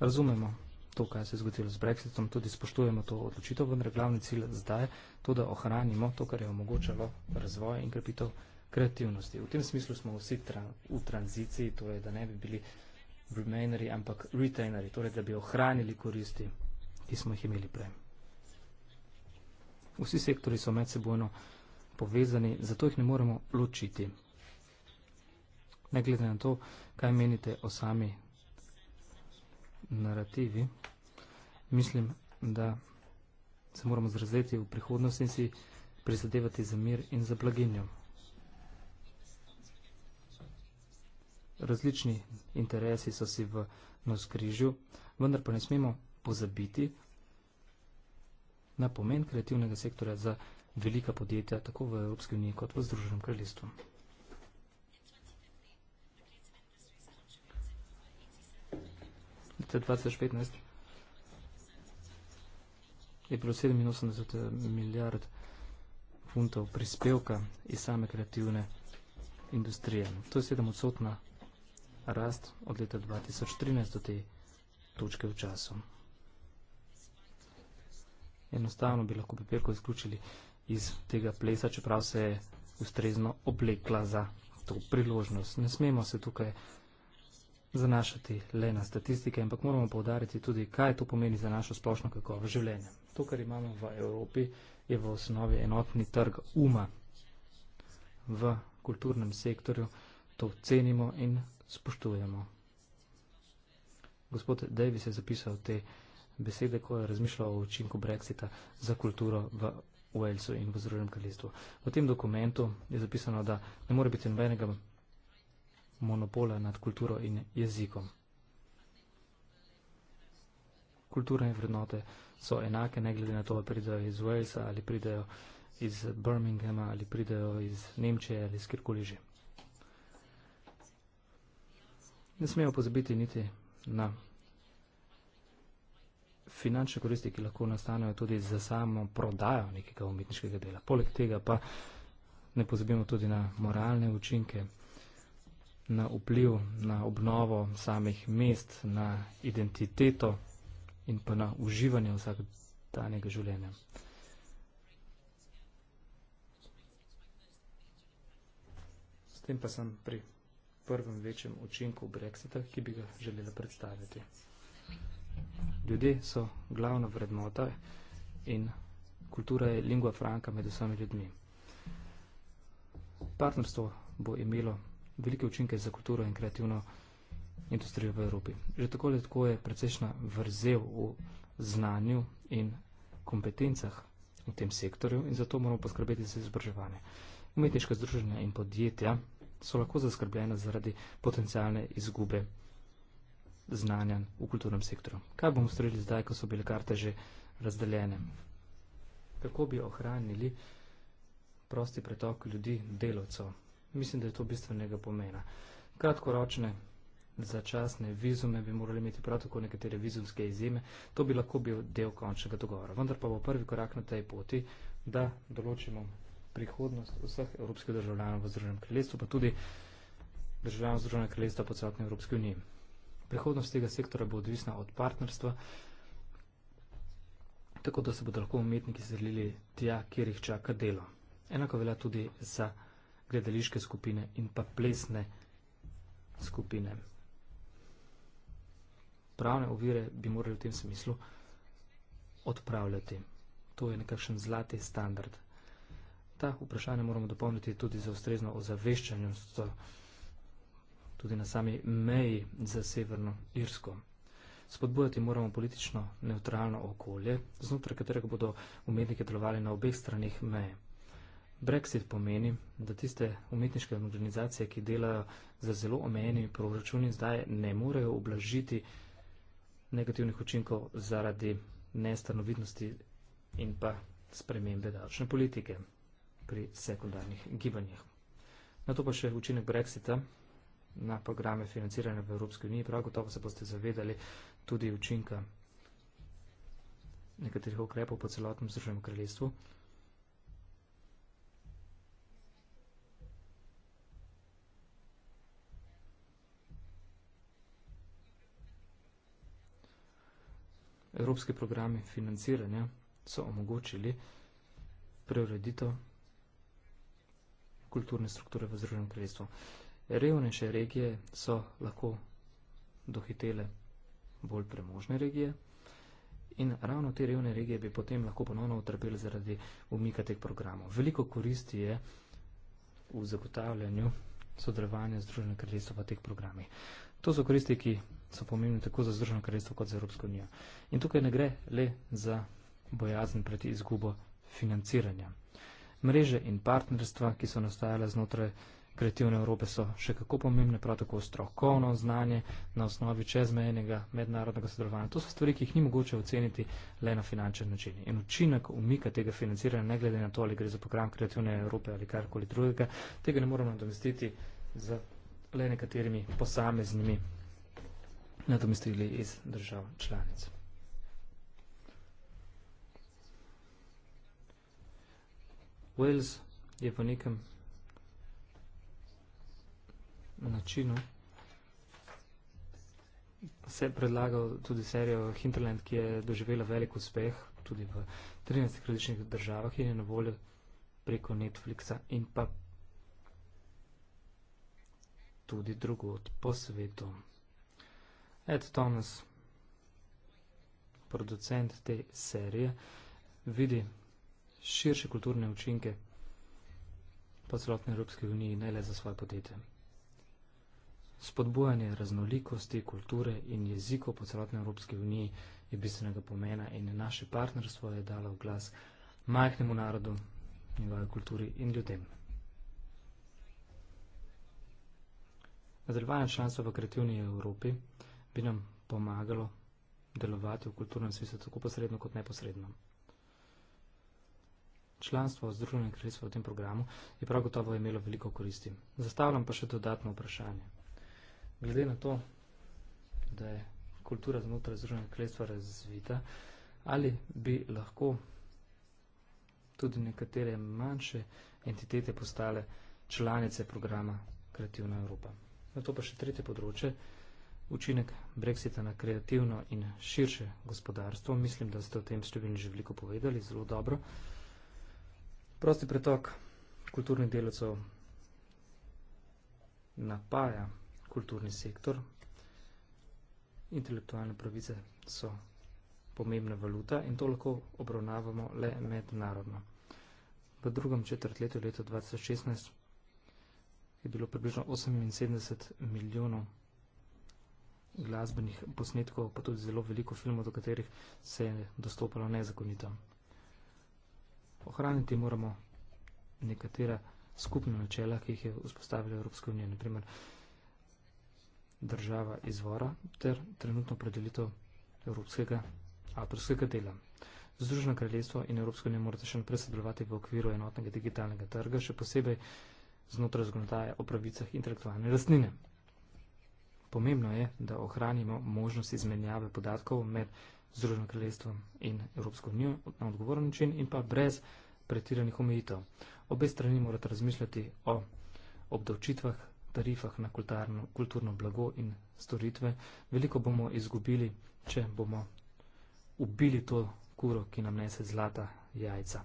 Speaker 3: Razumemo to, kaj se je zgodilo z Brexitom, tudi spoštujemo to odločitev, vendar glavni cilj zdaj je to, da ohranimo to, kar je omogočalo razvoj in krepitev kreativnosti. V tem smislu smo vsi tra v tranziciji, to je, da ne bi bili remainerji, ampak retainerji, torej da bi ohranili koristi, ki smo jih imeli prej. Vsi sektori so medsebojno povezani, zato jih ne moremo ločiti. Ne glede na to, kaj menite o sami narativi. Mislim, da se moramo zrezeti v prihodnost in si prizadevati za mir in za blaginjo. Različni interesi so si v noskrižju, vendar pa ne smemo pozabiti na pomen kreativnega sektora za velika podjetja, tako v Evropski uniji kot v Združenem kraljestvu. do 2015 je bilo 87 eh, milijard funtov prispevka iz same kreativne industrije. To je sedemodstotna rast od leta 2013 do te točke v času. Enostavno bi lahko pepelko izključili iz tega plesa, čeprav se je ustrezno oblekla za to priložnost. Ne smemo se tukaj izključiti zanašati le na statistike, ampak moramo povdariti tudi, kaj to pomeni za našo splošno kakovost življenja. To, kar imamo v Evropi, je v osnovi enotni trg uma v kulturnem sektorju. To cenimo in spoštujemo. Gospod Davis je zapisal te besede, ko je razmišljal o učinku Brexita za kulturo v Walesu in v Združenem kraljestvu. V tem dokumentu je zapisano, da ne more biti nobenega monopola nad kulturo in jezikom. Kulturne vrednote so enake, ne glede na to, ali pridejo iz Walesa, ali pridejo iz Birminghama, ali pridejo iz Nemčije, ali iz kjerkoli že. Ne smemo pozabiti niti na finančne koristi, ki lahko nastanejo tudi za samo prodajo nekega umetniškega dela. Poleg tega pa ne pozabimo tudi na moralne učinke na vpliv, na obnovo samih mest, na identiteto in pa na uživanje vsakdanjega življenja. S tem pa sem pri prvem večjem učinku Brexita, ki bi ga želela predstaviti. Ljudje so glavna vrednota in kultura je lingua franca med vsemi ljudmi. Partnerstvo bo imelo velike učinke za kulturo in kreativno industrijo v Evropi. Že tako ali tako je precejšna vrzel v znanju in kompetencah v tem sektorju in zato moramo poskrbeti za izobraževanje. Umetniška združenja in podjetja so lahko zaskrbljena zaradi potencijalne izgube znanja v kulturnem sektorju. Kaj bomo storili zdaj, ko so bile karte že razdeljene? Kako bi ohranili prosti pretok ljudi, delovcev? Mislim, da je to bistvenega pomena. Kratkoročne začasne vizume bi morali imeti prav tako nekatere vizumske izjeme, to bi lahko bil del končnega dogovora. Vendar pa bo prvi korak na tej poti, da določimo prihodnost vseh evropskih državljanov v Združenem kraljestvu, pa tudi državljanov Združenega kraljestva po celotni Evropski uniji. Prihodnost tega sektora bo odvisna od partnerstva, tako da se bodo lahko umetniki zrlili tja, kjer jih čaka delo. Enako velja tudi za partnerstvo gledališke skupine in pa plesne skupine. Pravne ovire bi morali v tem smislu odpravljati. To je nekakšen zlati standard. Ta vprašanje moramo dopolniti tudi za ustrezno ozaveščanje tudi na sami meji za Severno Irsko. Spodbujati moramo politično neutralno okolje, znotraj katerega bodo umetniki delovali na obeh stranih meje. Brexit pomeni, da tiste umetniške organizacije, ki delajo za zelo omenjeni proračuni, zdaj ne morejo oblažiti negativnih učinkov zaradi nestanovidnosti in pa spremembe davčne politike pri sekundarnih gibanjih. Na to pa še učinek Brexita na programe financiranja v Evropski uniji. Prav gotovo se boste zavedali tudi učinka nekaterih ukrepov po celotnem Združenem kraljestvu. evropski programi financiranja so omogočili preureditev kulturne strukture v Združenem kraljestvu. Revnejše regije so lahko dohitele bolj premožne regije in ravno te revne regije bi potem lahko ponovno utrpeli zaradi umika teh programov. Veliko koristi je v zagotavljanju sodelovanja Združenega kraljestva v teh programih. To so koristi, ki so pomembni tako za Združeno kraljestvo kot za Evropsko unijo. In tukaj ne gre le za bojazen pred izgubo financiranja. Mreže in partnerstva, ki so nastajale znotraj kreativne Evrope, so še kako pomembne, prav tako strokovno znanje na osnovi čezmejnega mednarodnega sodelovanja. To so stvari, ki jih ni mogoče oceniti le na finančen način. In učinek umika tega financiranja, ne glede na to, ali gre za program kreativne Evrope ali karkoli drugega, tega ne moremo nadomestiti z le nekaterimi posameznimi nadomestili iz držav članic. Wales je po nekem načinu se predlagal tudi serijo Hinterland, ki je doživela velik uspeh tudi v 13 različnih državah in je na voljo preko Netflixa in pa tudi drugod po svetu. Ed Thomas, producent te serije, vidi širše kulturne učinke po celotni Evropski uniji, ne le za svoje podjetje. Spodbujanje raznolikosti kulture in jezikov po celotni Evropski uniji je bistvenega pomena in naše partnerstvo je dalo glas majhnemu narodu, njegove kulturi in ljudem. Razrevanje članstva v kreativni Evropi bi nam pomagalo delovati v kulturnem svetu tako posredno kot neposredno. Članstvo Združenega kraljestva v tem programu je prav gotovo imelo veliko koristi. Zastavljam pa še dodatno vprašanje. Glede na to, da je kultura znotraj Združenega kraljestva razvita, ali bi lahko tudi nekatere manjše entitete postale članice programa Kreativna Evropa? Na to pa še tretje področje, učinek Brexita na kreativno in širše gospodarstvo. Mislim, da ste o tem številni že veliko povedali, zelo dobro. Prosti pretok kulturnih delovcev napaja kulturni sektor. Intelektualne pravice so pomembna valuta in to lahko obravnavamo le mednarodno. V drugem četrtletju leta 2016 je bilo približno 78 milijonov glasbenih posnetkov, pa tudi zelo veliko filmov, do katerih se je dostopalo nezakonito. Ohraniti moramo nekatera skupna načela, ki jih je vzpostavila Evropska unija, naprimer država izvora ter trenutno predelitev evropskega avtorskega dela. Združeno kraljestvo in Evropsko unijo morate še naprej sodelovati v okviru enotnega digitalnega trga, še posebej znotraj zakonodaje o pravicah intelektualne lastnine. Pomembno je, da ohranimo možnost izmenjave podatkov med Združenim kraljestvom in Evropsko unijo na odgovoren način in pa brez pretiranih omejitev. Obe strani morate razmišljati o obdavčitvah, tarifah na kultarno, kulturno blago in storitve. Veliko bomo izgubili, če bomo ubili to kuro, ki nam nese zlata jajca.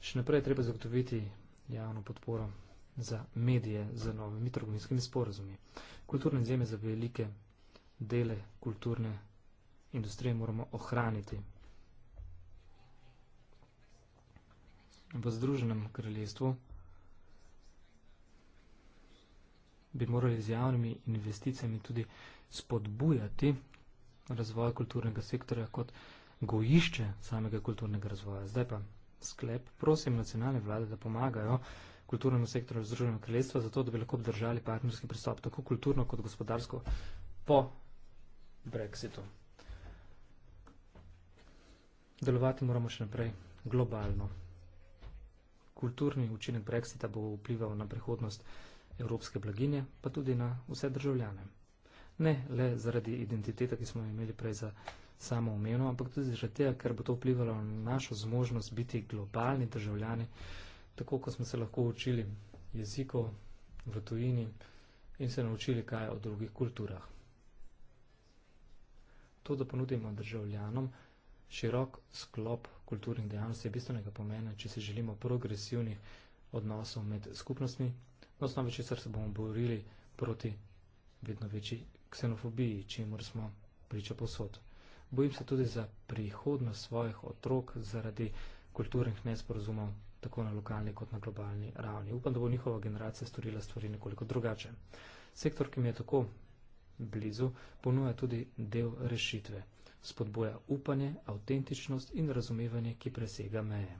Speaker 3: Še naprej treba zagotoviti javno podporo za medije z novimi trgovinskimi sporozumi. Kulturne zemlje za velike dele kulturne industrije moramo ohraniti. V Združenem kraljestvu bi morali z javnimi investicijami tudi spodbujati razvoj kulturnega sektorja kot gojišče samega kulturnega razvoja. Zdaj pa sklep, prosim nacionalne vlade, da pomagajo kulturnemu sektorju Združenega kraljestva, zato da bi lahko obdržali partnerski pristop, tako kulturno kot gospodarsko, po brexitu. Delovati moramo še naprej globalno. Kulturni učinek brexita bo vplival na prihodnost evropske blaginje, pa tudi na vse državljane. Ne le zaradi identitete, ki smo imeli prej za samo umeno, ampak tudi zaradi tega, ker bo to vplivalo na našo zmožnost biti globalni državljani tako kot smo se lahko učili jezikov v tujini in se naučili kaj o drugih kulturah. To, da ponudimo državljanom širok sklop kulturnih dejavnosti, je bistvenega pomena, če se želimo progresivnih odnosov med skupnostmi, na osnovi česar se bomo borili proti vedno večji ksenofobiji, čemu smo priča posod. Bojim se tudi za prihodnost svojih otrok zaradi kulturnih nesporazumov tako na lokalni kot na globalni ravni. Upam, da bo njihova generacija storila stvari nekoliko drugače. Sektor, ki mi je tako blizu, ponuja tudi del rešitve. Spodboja upanje, avtentičnost in razumevanje, ki presega meje.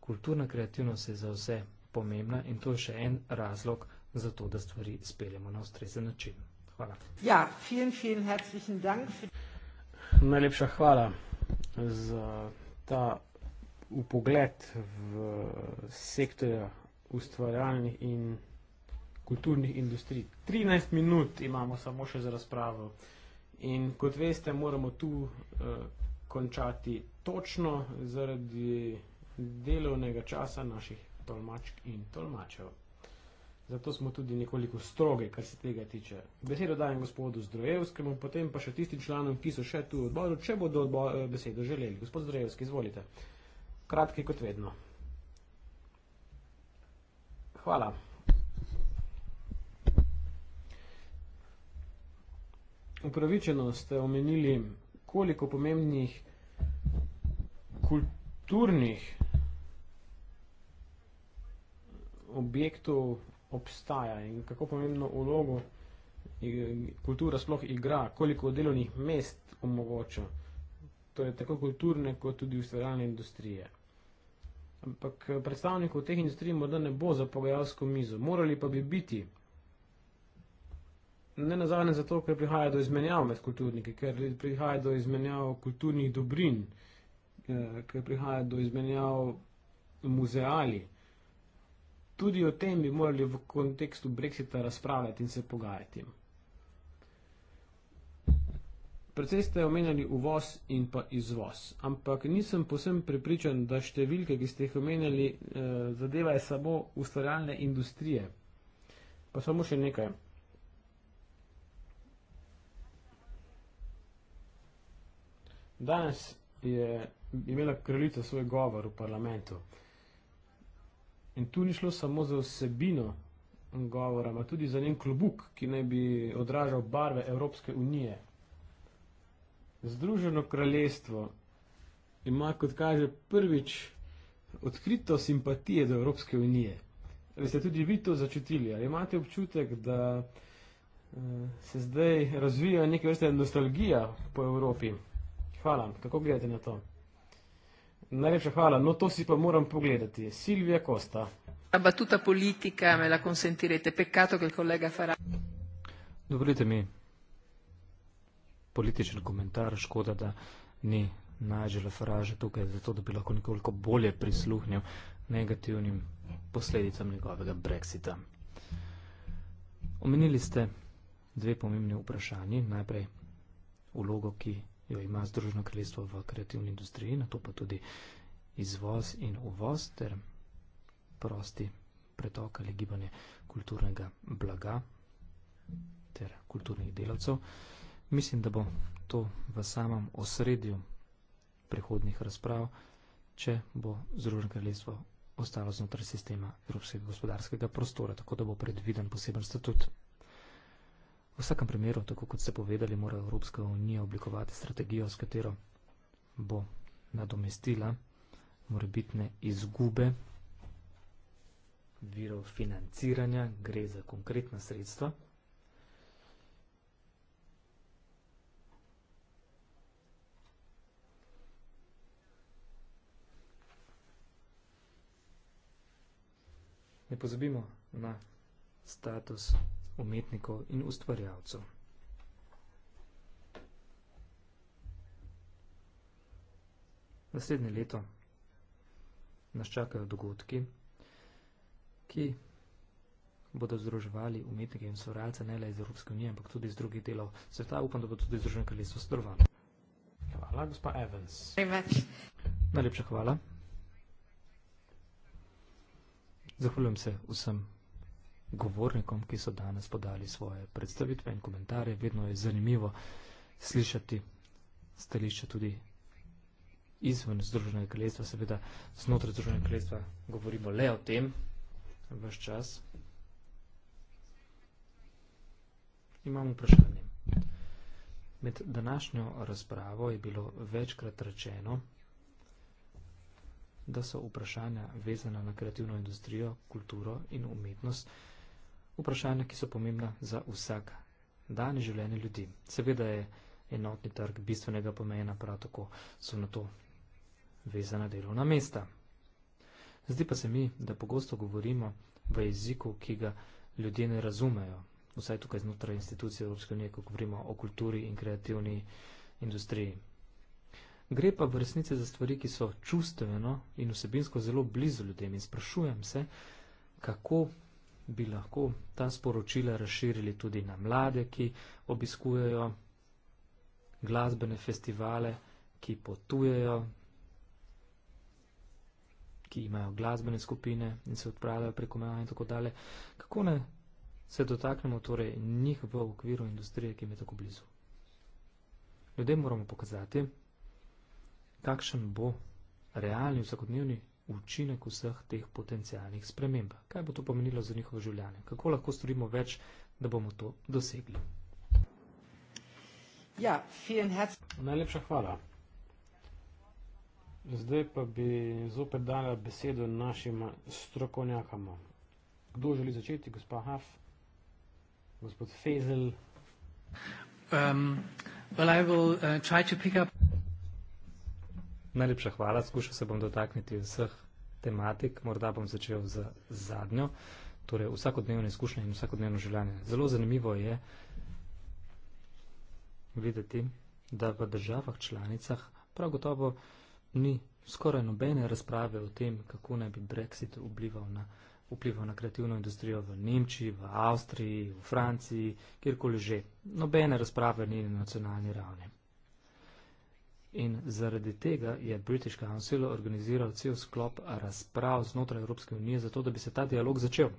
Speaker 3: Kulturna kreativnost je za vse pomembna in to je še en razlog za to, da stvari speljemo na ustrezen način. Hvala. Ja, vielen, vielen herzlichen
Speaker 2: Dank. Najlepša hvala za ta upogled v sektorja ustvarjalnih in kulturnih industrij. 13 minut imamo samo še za razpravo in kot veste, moramo tu uh, končati točno zaradi delovnega časa naših tolmačk in tolmačev. Zato smo tudi nekoliko stroge, kar se tega tiče. Besedo dajem gospodu Zdrojevskemu, potem pa še tistim članom, ki so še tu v odboru, če bodo odbo eh, besedo želeli. Gospod Zdrojevski, izvolite. Uh, kratki kot vedno. Hvala. Upravičeno ste omenili, koliko pomembnih kulturnih objektov obstaja in kako pomembno ulogo kultura sploh igra, koliko delovnih mest omogoča, torej tako kulturne kot tudi ustvarjalne industrije ampak eh, predstavnikov teh industrij morda ne bo za pogajalsko mizo. Morali pa bi biti. Ne nazadnje zato, ker prihaja do izmenjav med kulturniki, ker prihaja do izmenjav kulturnih dobrin, eh, ker prihaja do izmenjav muzeali. Tudi o tem bi morali v kontekstu Brexita razpravljati in se pogajati. Predvsej ste omenjali uvoz in pa izvoz, ampak nisem posem prepričan, da številke, ki ste jih omenjali, eh, zadevajo samo ustvarjalne industrije. Pa samo še nekaj. Danes je imela kraljica svoj govor v parlamentu. In tu ni šlo samo za vsebino govora, ampak tudi za njen klobuk, ki naj bi odražal barve Evropske unije. Združeno kraljestvo ima, kot kaže, prvič odkrito simpatije do Evropske unije. Ali ste tudi vi to začutili? Ali imate občutek, da eh, se zdaj razvija neke vrste nostalgija po Evropi? Hvala, kako gledate na to? Najlepša hvala, no to si pa moram pogledati. Silvija Kosta.
Speaker 1: La battuta politica me la consentirete, peccato che il collega farà.
Speaker 2: Dovrete mi
Speaker 3: političen komentar, škoda, da ni najžele faraže tukaj, zato da bi lahko nekoliko bolje prisluhnil negativnim posledicam njegovega brexita. Omenili ste dve pomembni vprašanji. Najprej vlogo, ki jo ima Združeno kraljestvo v kreativni industriji, na to pa tudi izvoz in uvoz ter prosti pretok ali gibanje kulturnega blaga ter kulturnih delavcev. Mislim, da bo to v samem osredju prihodnih razprav, če bo Združeno kraljestvo ostalo znotraj sistema Evropskega gospodarskega prostora, tako da bo predviden poseben statut. V vsakem primeru, tako kot ste povedali, mora Evropska unija oblikovati strategijo, s katero bo nadomestila morebitne izgube virov financiranja, gre za konkretna sredstva. ne pozabimo na status umetnikov in ustvarjavcev. Naslednje leto nas čakajo dogodki, ki bodo združevali umetnike in sorajce ne le iz Evropske unije, ampak tudi iz drugih delov sveta. Upam, da bo tudi Združeno kraljestvo sodelovalo.
Speaker 2: Hvala, gospa Evans.
Speaker 3: Najlepša hvala. Zahvaljujem se vsem govornikom, ki so danes podali svoje predstavitve in komentarje. Vedno je zanimivo slišati stališče tudi izven Združenega kraljestva. Seveda, znotraj Združenega kraljestva govorimo le o tem vse čas. Imamo vprašanje. Med današnjo razpravo je bilo večkrat rečeno, da so vprašanja vezana na kreativno industrijo, kulturo in umetnost, vprašanja, ki so pomembna za vsak dan življenje ljudi. Seveda je enotni trg bistvenega pomena, prav tako so na to vezana delovna mesta. Zdi pa se mi, da pogosto govorimo v jeziku, ki ga ljudje ne razumejo, vsaj tukaj znotraj institucije Evropske unije, ko govorimo o kulturi in kreativni industriji. Gre pa v resnici za stvari, ki so čustveno in vsebinsko zelo blizu ljudem in sprašujem se, kako bi lahko ta sporočila razširili tudi na mlade, ki obiskujejo glasbene festivale, ki potujejo, ki imajo glasbene skupine in se odpravljajo preko meja in tako dalje. Kako ne se dotaknemo torej njih v okviru industrije, ki jim je tako blizu? Ljudem moramo pokazati, kakšen bo realni vsakodnevni učinek vseh teh potencijalnih sprememb. Kaj bo to pomenilo za njihovo življenje? Kako lahko storimo več, da bomo to dosegli?
Speaker 2: Ja, Najlepša hvala. Zdaj pa bi zopet dala besedo našim strokovnjakom. Kdo želi začeti, gospa Haf, gospod Fezel? Um, well, I will uh, try to pick up.
Speaker 3: Najlepša hvala, skušal se bom dotakniti vseh tematik, morda bom začel z zadnjo, torej vsakodnevne izkušnje in vsakodnevno življenje. Zelo zanimivo je videti, da v državah članicah prav gotovo ni skoraj nobene razprave o tem, kako naj bi Brexit vplival na, vplival na kreativno industrijo v Nemčiji, v Avstriji, v Franciji, kjerkoli že. Nobene razprave ni na nacionalni ravni. In zaradi tega je British Council organiziral cel sklop razprav znotraj Evropske unije, zato da bi se ta dialog začel.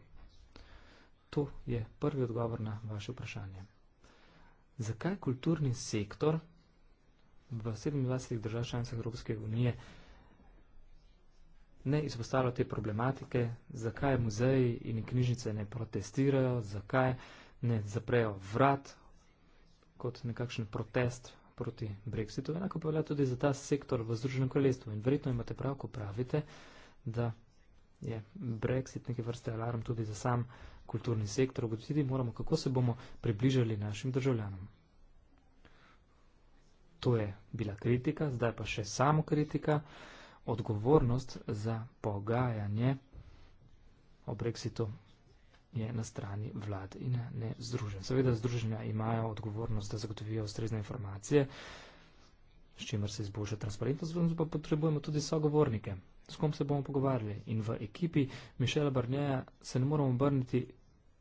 Speaker 3: To je prvi odgovor na vaše vprašanje. Zakaj kulturni sektor v 27 držav članicah Evropske unije ne izpostavlja te problematike, zakaj muzeji in knjižnice ne protestirajo, zakaj ne zaprejo vrat kot nekakšen protest proti Brexitu, enako pa velja tudi za ta sektor v Združenem kraljestvu. In verjetno imate prav, ko pravite, da je Brexit neke vrste alarm tudi za sam kulturni sektor. Ugotoviti moramo, kako se bomo približali našim državljanom. To je bila kritika, zdaj pa še samo kritika, odgovornost za pogajanje o Brexitu je na strani vlad in ne združen. Seveda združenja imajo odgovornost, da zagotovijo ustrezne informacije, s čimer se izboljša transparentnost, vendar pa potrebujemo tudi sogovornike, s kom se bomo pogovarjali. In v ekipi Mišela Barneja se ne moramo obrniti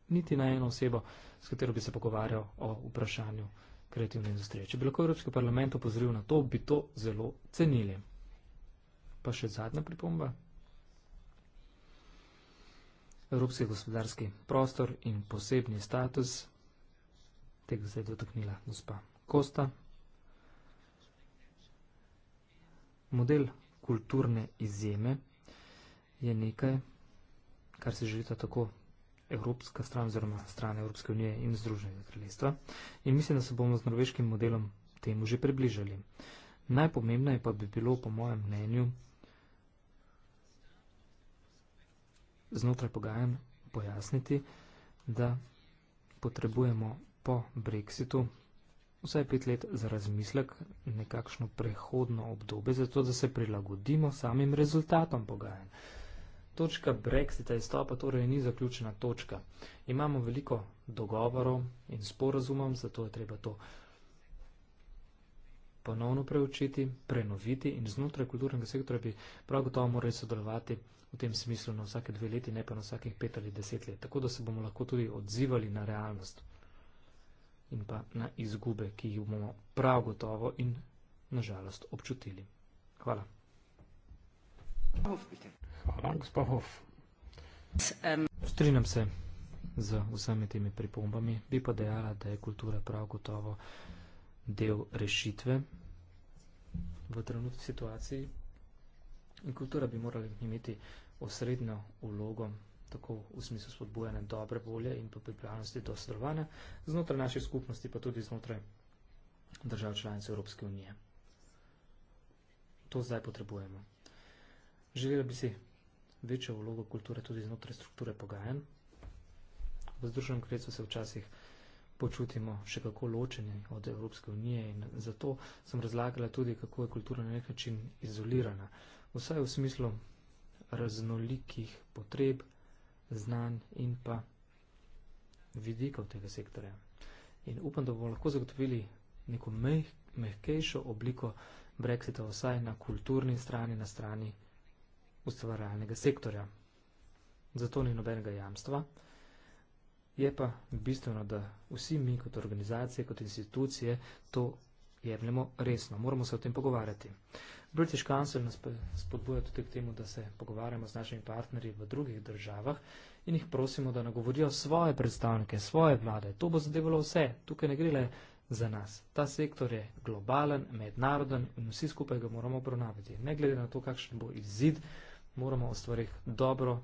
Speaker 3: niti na eno osebo, s katero bi se pogovarjal o vprašanju kreativne industrije. Če bi lahko Evropski parlament opozoril na to, bi to zelo cenili. Pa še zadnja pripomba. Evropski gospodarski prostor in posebni status, tega se je dotaknila gospa Kosta. Model kulturne izjeme je nekaj, kar se želita tako Evropska stran oziroma strane Evropske unije in Združenega kraljestva. In mislim, da se bomo z norveškim modelom temu že približali. Najpomembnejše pa bi bilo, po mojem mnenju, znotraj pogajan pojasniti, da potrebujemo po brexitu vsaj pet let za razmislek nekakšno prehodno obdobje, zato da se prilagodimo samim rezultatom pogajan. Točka brexita iz topa torej ni zaključena točka. Imamo veliko dogovorov in sporazumov, zato je treba to ponovno preučiti, prenoviti in znotraj kulturnega sektora bi prav gotovo morali sodelovati v tem smislu na vsake dve leti, ne pa na vsakih pet ali deset let. Tako da se bomo lahko tudi odzivali na realnost in pa na izgube, ki jih bomo prav gotovo in nažalost občutili. Hvala. Hvala, gospod Hof. Strinjam se z vsemi temi pripombami, bi pa dejala, da je kultura prav gotovo del rešitve v trenutni situaciji in kultura bi morala imeti osrednjo vlogo, tako v smislu spodbujanja dobre volje in pa pripravljenosti do sodelovanja znotraj naših skupnosti, pa tudi znotraj držav članic Evropske unije. To zdaj potrebujemo. Želela bi si večjo vlogo kulture tudi znotraj strukture pogajanj. V Združenem kraljestvu se včasih počutimo še kako ločeni od Evropske unije in zato sem razlagala tudi, kako je kultura na nek način izolirana. Vsaj v smislu raznolikih potreb, znanj in pa vidikov tega sektorja. In upam, da bomo lahko zagotovili neko meh, mehkejšo obliko brexita, vsaj na kulturni strani, na strani ustvarjalnega sektorja. Zato ni nobenega jamstva. Je pa bistveno, da vsi mi kot organizacije, kot institucije to jemljemo resno. Moramo se o tem pogovarjati. British Council nas spodbuja tudi k temu, da se pogovarjamo z našimi partnerji v drugih državah in jih prosimo, da nagovorijo svoje predstavnike, svoje vlade. To bo zadevalo vse. Tukaj ne gre le za nas. Ta sektor je globalen, mednaroden in vsi skupaj ga moramo obravnavati. Ne glede na to, kakšen bo izid, moramo o stvarih dobro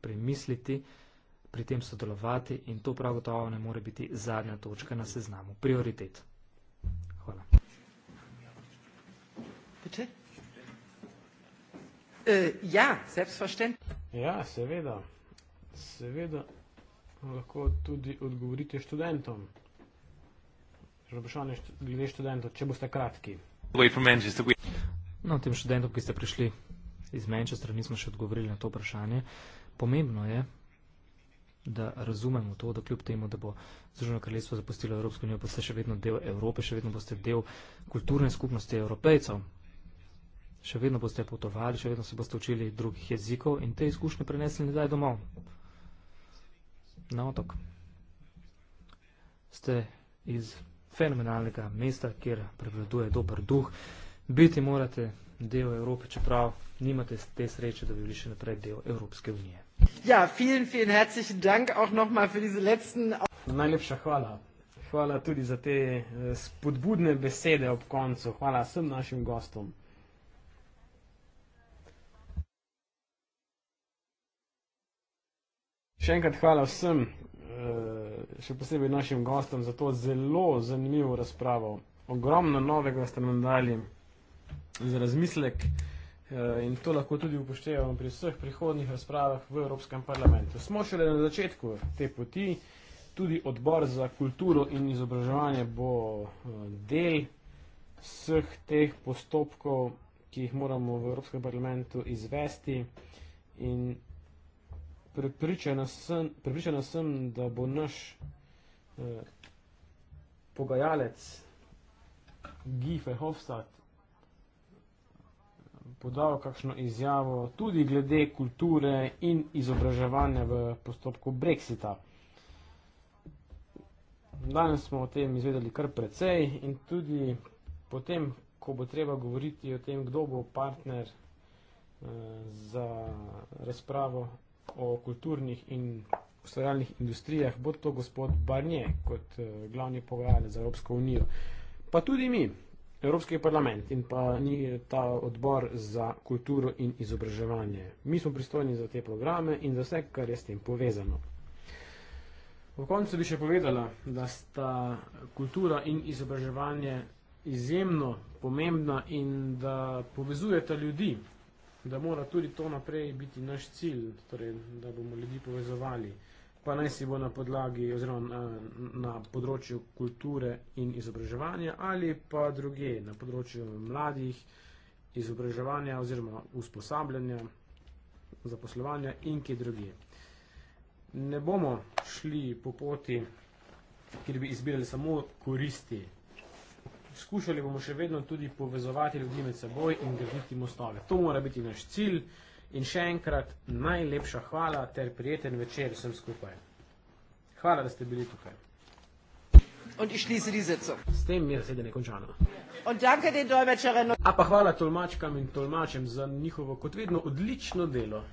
Speaker 3: premisliti, pri tem sodelovati in to prav gotovo ne more biti zadnja točka na seznamu prioritet.
Speaker 2: Bitte? Äh, ja, selbstverständlich. Ja, seveda. Seveda lahko tudi odgovorite študentom. Vprašanje glede študentov, če boste kratki.
Speaker 3: No, tem študentom, ki ste prišli iz Manchestra, nismo še odgovorili na to vprašanje. Pomembno je, da razumemo to, da kljub temu, da bo Združeno kraljestvo zapustilo Evropsko unijo, pa ste še vedno del Evrope, še vedno boste del kulturne skupnosti evropejcev še vedno boste potovali, še vedno se boste učili drugih jezikov in te izkušnje prenesli nazaj domov. Na otok. Ste iz fenomenalnega mesta, kjer prevladuje dober duh. Biti morate del Evrope, čeprav nimate te
Speaker 2: sreče, da bi bili še naprej del Evropske unije. Ja, vielen, vielen herzlichen Dank auch nochmal für diese letzten. Najlepša hvala. Hvala tudi za te eh, spodbudne besede ob koncu. Hvala vsem našim gostom. Še enkrat hvala vsem, eh, še posebej našim gostom, za to zelo zanimivo razpravo. Ogromno novega ste nam dali za razmislek eh, in to lahko tudi upoštevamo pri vseh prihodnih razpravah v Evropskem parlamentu. Smo šele na začetku te poti, tudi odbor za kulturo in izobraževanje bo eh, del vseh teh postopkov, ki jih moramo v Evropskem parlamentu izvesti. In Pripričana sem, pripričana sem, da bo naš eh, pogajalec Guy Verhofstadt eh, podal kakšno izjavo tudi glede kulture in izobraževanja v postopku Brexita. Danes smo o tem izvedeli kar precej in tudi potem, ko bo treba govoriti o tem, kdo bo partner eh, za razpravo o kulturnih in ustvarjalnih industrijah, bo to gospod Barnier kot eh, glavni pogajalec za Evropsko unijo. Pa tudi mi, Evropski parlament in pa ni ta odbor za kulturo in izobraževanje. Mi smo pristojni za te programe in za vse, kar je s tem povezano. V koncu bi še povedala, da sta kultura in izobraževanje izjemno pomembna in da povezujeta ljudi da mora tudi to naprej biti naš cilj, torej, da bomo ljudi povezovali, pa naj si bo na podlagi oziroma na, eh, na področju kulture in izobraževanja ali pa druge, na področju mladih, izobraževanja oziroma usposabljanja, zaposlovanja in kje druge. Ne bomo šli po poti, kjer bi izbirali samo koristi skušali bomo še vedno tudi povezovati ljudi med seboj in graditi mostove. To mora biti naš cilj in še enkrat najlepša hvala ter prijeten večer vsem skupaj. Hvala, da ste bili tukaj. Und ich schließe die Sitzung. S tem je zasedanje končano. Und danke den Dolmetscherinnen. A pa hvala tolmačkam in tolmačem za njihovo, kot vedno, odlično delo.